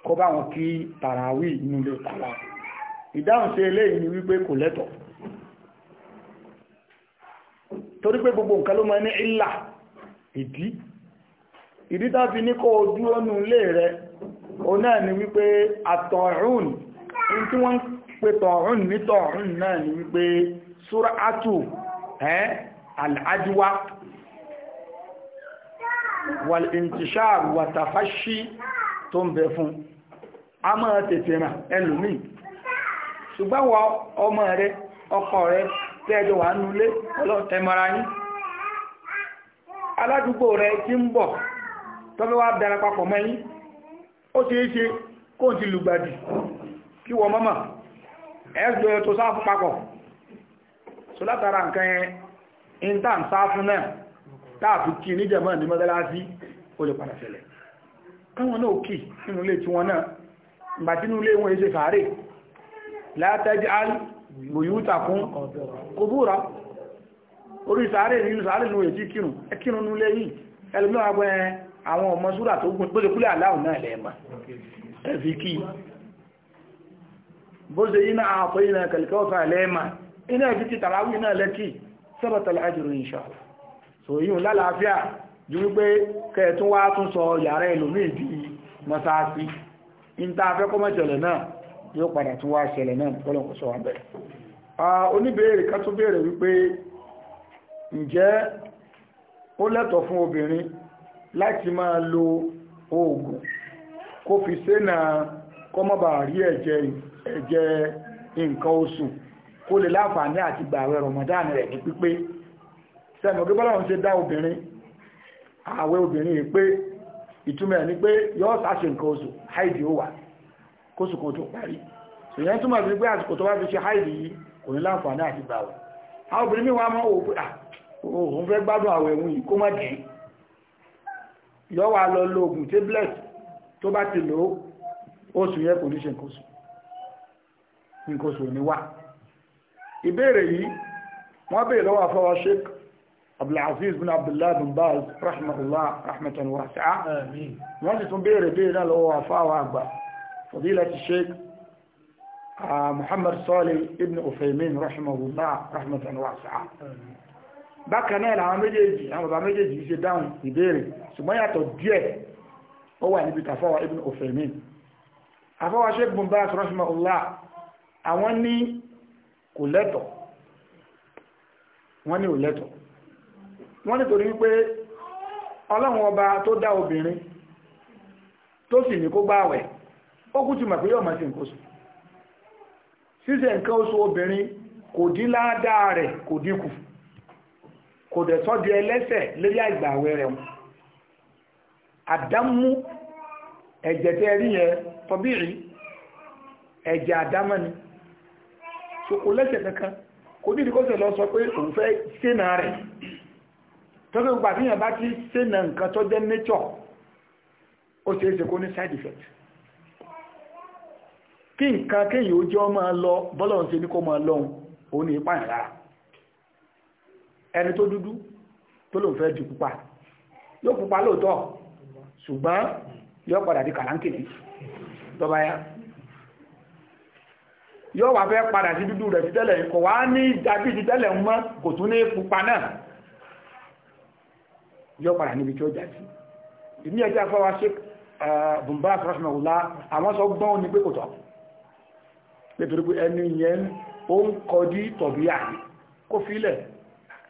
[SPEAKER 1] kó bá wọn kí tàràwì nínú ilé tàwọn ìdáhùn sí eléyìí ni wípé kò lẹ́tọ̀ọ́ torí pé gbogbo nǹkan ló máa ní ìlà ìdí ìdí tàbí ní kó dúró nù lé rẹ̀ o náà ni wípé àtọ̀rún ní tí wọ́n ń pè tọ̀rún ní tọ̀rún náà ni wípé súrátù ẹ́ al'aduwa wal-intishar wàtàfáṣí tó ń bẹ fún a máa tètè ràn ẹlòmíì ṣùgbọ́n wọ ọmọ rẹ̀ ọkọ rẹ̀ tẹ́ẹ̀jọ wà nú lé ọlọ́tẹ̀mọ́ra yín aládùúgbò rẹ tí ń bọ̀ tọ́fẹ́ wá dára papọ̀ mẹ́yìn ó ṣe é ṣe kó ti lùgbàdì kí wọ mọ́mọ̀ ẹgbẹ́ tó sáfún papọ̀ so látara nǹkan yẹn ń tàn sáfún náà táàfi kí níjẹ̀mọ́ ní mọ́sálásí ó bùyútàkún kòbúra orí sàárè ní sàárè ní èjì kírùn ẹkírùn ní lé yìí ẹlùmí àgbẹ́ àwọn ọmọ súrà tó gún bó ṣe kúlẹ̀ aláhùn náà lẹ́ẹ̀mà ẹ̀fì kí bó ṣe yí náà àpọ̀ yí náà kẹ̀lẹ̀kẹ́ ọ̀fà lẹ́ẹ̀mà iná ẹ̀fì ti tàràwì náà lẹ́kì sẹ́bẹ̀tẹ̀lẹ̀ àjùrò inshallah so yíò lálàáfíà ju wípé kẹ̀ẹ̀tún wá tún sọ yàrá ẹlòmíì bí mọ́sáàsì ń ta afẹ́kọ́mọ̀ṣẹ̀lẹ̀ náà yóò padà tún wá ṣẹlẹ̀ náà kọ́lọ̀kọ́ sọ wà bẹ̀rẹ̀ oníbèèrè ká tún béèrè wípé ǹjẹ́ ó lẹ́tọ̀ fún obìnrin láti máa lo oògùn kó fi sénà na rí ẹ̀jẹ̀ ẹ̀jẹ̀ nǹkan oṣù kó lè láǹfààní àti gbààwẹ̀ Ramadan rẹ̀ ní pípé sẹ́nu ọdún bọ́lá ń ṣe dá obìnrin ààwẹ̀ obìnrin yìí pé ìtumọ̀ ẹ̀ ni pé yọ́ sáṣe nǹkan oṣù haidi ó wà kóṣù kò tó parí ìyẹn túmọ̀ sí pé àsìkò tó bá fi ṣe haidi yìí kò ní láǹfààní àti gbàwẹ̀ àwọn obìnrin mi wá mọ́ oh, ah, oh, òun fẹ́ gbádùn àwẹ̀ ẹ̀hún yìí kó má dín yọ wà lọ lo oògùn tablet tó bá ti lò oṣù yẹ kò ní ṣe nǹkan oṣù nǹkan oṣù ní wá ìbéèrè yìí wọ́n bèèrè lọ́wọ́ àfọwọ́ sheikh abdulaziz bin abdullah bin baz rahmatullah rahmatan wasi'a wọ́n sì tún bèèrè bèèrè náà lọ́wọ́ àfọwọ́ àgbà fadilati sheikh Muhammad Salih ibn Uthaymin rahimahullah rahmatan wasi'a bákan náà làwọn méjèèjì àwọn bàbá méjèèjì ṣe dáhùn ìbéèrè ṣùgbọ́n yàtọ̀ díẹ̀ ó wà níbi tàfọ́wà ibn Uthaymin àfọ́wà Sheikh Bin Baz rahimahullah àwọn ní ọlọ́run ọba tó dá obìnrin tó sì ní kó gbáwẹ̀ ó kú ti mọ̀ pé sùn ṣíṣe nǹkan oṣù obìnrin kò dín ládàá rẹ̀ kò dínkù kò dẹ̀ tọ́ di ẹlẹ́sẹ̀ lórí àgbà àwẹ̀ rẹ̀ wọn àdámú ẹ̀jẹ̀ tẹ́ rí yẹn tọ́bìrì ẹ̀jẹ̀ àdámọ́ so kò lẹ́sẹ̀ kankan kò ní ìdíkọ́sẹ̀ lọ sọ pé òun fẹ́ sénà rẹ̀ tọ́bí gbogbo àfihàn bá ti sénà nǹkan tó nature ó ṣeéṣe kó ní side effect kí nǹkan kéyìn ó jọ máa lọ bọ́lọ̀ ṣe ní kó máa lọ́hun òun ní ipa ìlara ẹni tó dúdú tó lòun fẹ́ di pupa yóò pupa lóòótọ́ ṣùgbọ́n yóò padà di kàláńkìní lọ́ba ya yóò wà fẹ́ padà sí dúdú rẹ̀ títẹ́lẹ̀ kò wá ní dàbí títẹ́lẹ̀ mọ́ kò tún ní pupa náà yóò padà níbi tí ó jà sí ìní ẹjẹ́ afọ́wá Sheikh Bin Baz àwọn sọ gbọ́n ní pé kò tọ́ nítorí pé ẹni yẹn ó ń kọjú tọ̀bí àyè kó filẹ̀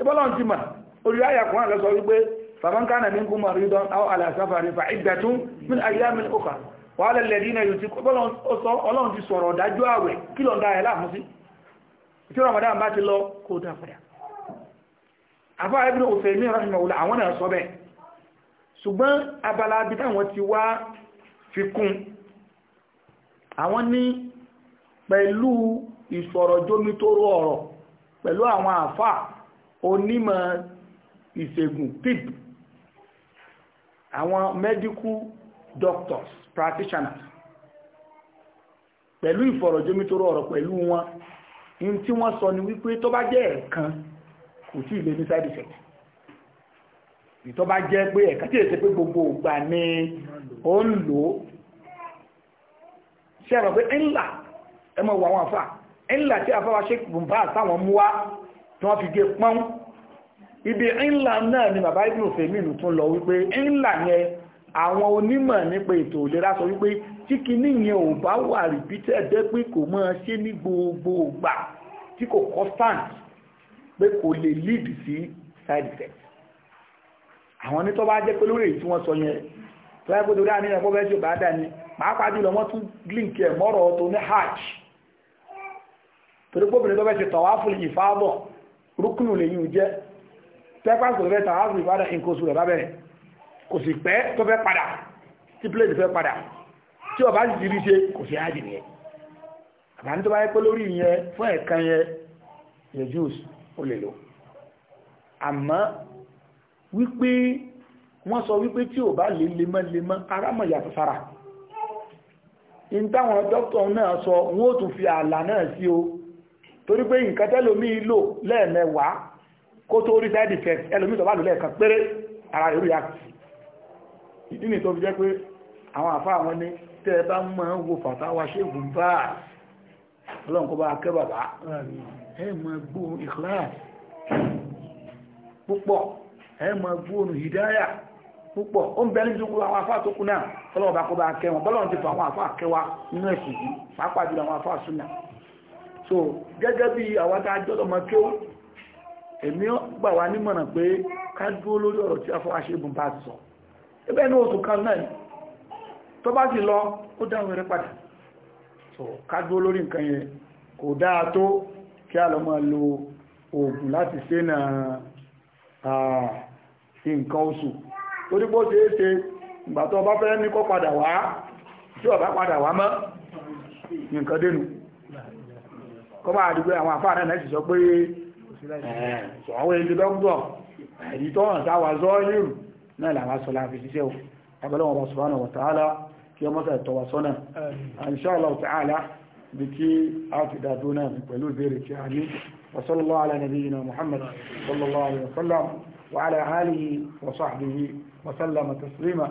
[SPEAKER 1] ìbọ́lọ̀ ti mà orí àyàkùn àlọ́ sọ wípé fàmọ́nkánà ní kúmọ̀ rí dán àwọn àlàsáfàrí fa ìgbẹ̀tún min àyàmì òkà wà lẹ́lẹ́dí náà yóò ti ọlọ́run ti sọ̀rọ̀ dájú àwẹ̀ kí lọ dáa ẹ̀láàmú sí tí Ramadan bá ti lọ kó dá padà àfá pẹ̀lú ìsọ̀rọ̀jómitóró ọ̀rọ̀ pẹ̀lú àwọn àfà onímọ̀ ìṣègùn tip àwọn medical doctors practitioners pẹ̀lú ìfọ̀rọ̀jómitóró ọ̀rọ̀ pẹ̀lú wọn in tí wọ́n sọ ni wípé tó bá jẹ́ ẹ̀kan kò tí ìlé ní side effect ìtọ́ bá jẹ́ pé ẹ̀kan tí èsẹ́ pé gbogbo ògbà ni ó ń lò ó pé ńlá ẹ mọ̀ wọ àwọn àfà ńlá tí àfà wa ṣe bùnbà àtàwọn mú wá tí wọ́n fi gé pọ́n ibi ńlá náà ni bàbá ibùdó fèmínú tún lọ wípé ńlá yẹn àwọn onímọ̀ nípa ètò ìlera sọ wípé tí kinní yẹn ò bá wà repeated pé kò máa ṣe ní gbogbo ìgbà tí kò constant pé kò lè lead sí side effect àwọn ní tó bá jẹ́ pé lórí èyí tí wọ́n sọ yẹn tó yẹ kó torí àníyàn kó fẹ́ ṣe bá dá ni pàápàá jùlọ wọ́n tún link ẹ̀ mọ́rọ̀ tó ní hajj torí pé obìnrin tó fẹ́ ṣe tọ̀wáfù yìí fábọ̀ rúkúnù lèyìn jẹ́ tẹ́pàṣì tó fẹ́ tọ̀wáfù ìbádà nǹkan oṣù rẹ̀ bá bẹ̀rẹ̀ kò sì pẹ́ tó fẹ́ padà tí pléèdì fẹ́ padà tí ọba sì ti rí ṣe kò sí ájì nìyẹn àbáni tó bá yẹ pé lórí yẹn fún ẹ̀kan yẹn yẹn jùs ó lè lò àmọ́ wípé wọ́n sọ wípé tí ò bá lè lemọ́lemọ́ arámọ̀ yàtọ̀ sára in dókítà náà sọ wọ́n ó tún fi ààlà náà sí o torí pé nǹkan tẹ́lómi lò lẹ́ẹ̀mẹ́wàá kó tó rí side effect ẹlòmí tó bá lò lẹ́ẹ̀kan péré ara rẹ̀ react ìdí ni tó fi jẹ́ pé àwọn àfá àwọn ní tẹ́ ẹ bá máa ń wo fàtàwà ṣégun bá ọlọ́run kó bá kẹ́ bàbá ẹ mọ̀ gbó ikhlas púpọ̀ ẹ mọ̀ gbó hidaya púpọ̀ ó ń bẹ́ẹ̀ nítorí àwọn afá tó kú náà ọlọ́run bá kó bá kẹ́ wọn bọ́lọ́run ti fọ àwọn afá kẹwa nínú ẹ̀sìn yìí pàápàá jùlọ àwọn afá súnà so gẹ́gẹ́ bí àwọn tá a jọ́dọ̀ mọ́ tó èmi gbà wá nímọ̀ràn pé ká dúró lórí ọ̀rọ̀ tí afọ́ aṣẹ́gun bá sọ ẹbẹ́ ní oṣù kan náà tó bá sì lọ ó dáhùn rẹ padà so ká dúró lórí nǹkan yẹn kò dáa tó kí a lọ máa lo oògùn láti ṣe na nǹkan oṣù torí bó ṣe é ṣe ìgbà tó bá fẹ́ ní kó padà wá tí ó bá padà wá mọ́ nǹkan dénú kọ́ bá àdúgbò àwọn àfáà náà náà sì sọ pé àwọn èdè dọ́gbọ̀ èyí tó hàn sáwà zọ́ yìí náà làwọn sọ láàfin ṣiṣẹ́ o abẹ́lẹ́wọ̀n wa subhanahu wa ta'ala kí ọmọ sọ ìtọ́wà sọ́nà insha Allah ta'ala bí kí a ti dàdó náà pẹ̀lú ìbéèrè tí a ní wa sallallahu ala nabiyyina Muhammad wa sallam wa ala alihi wa sahbihi wa sallama taslima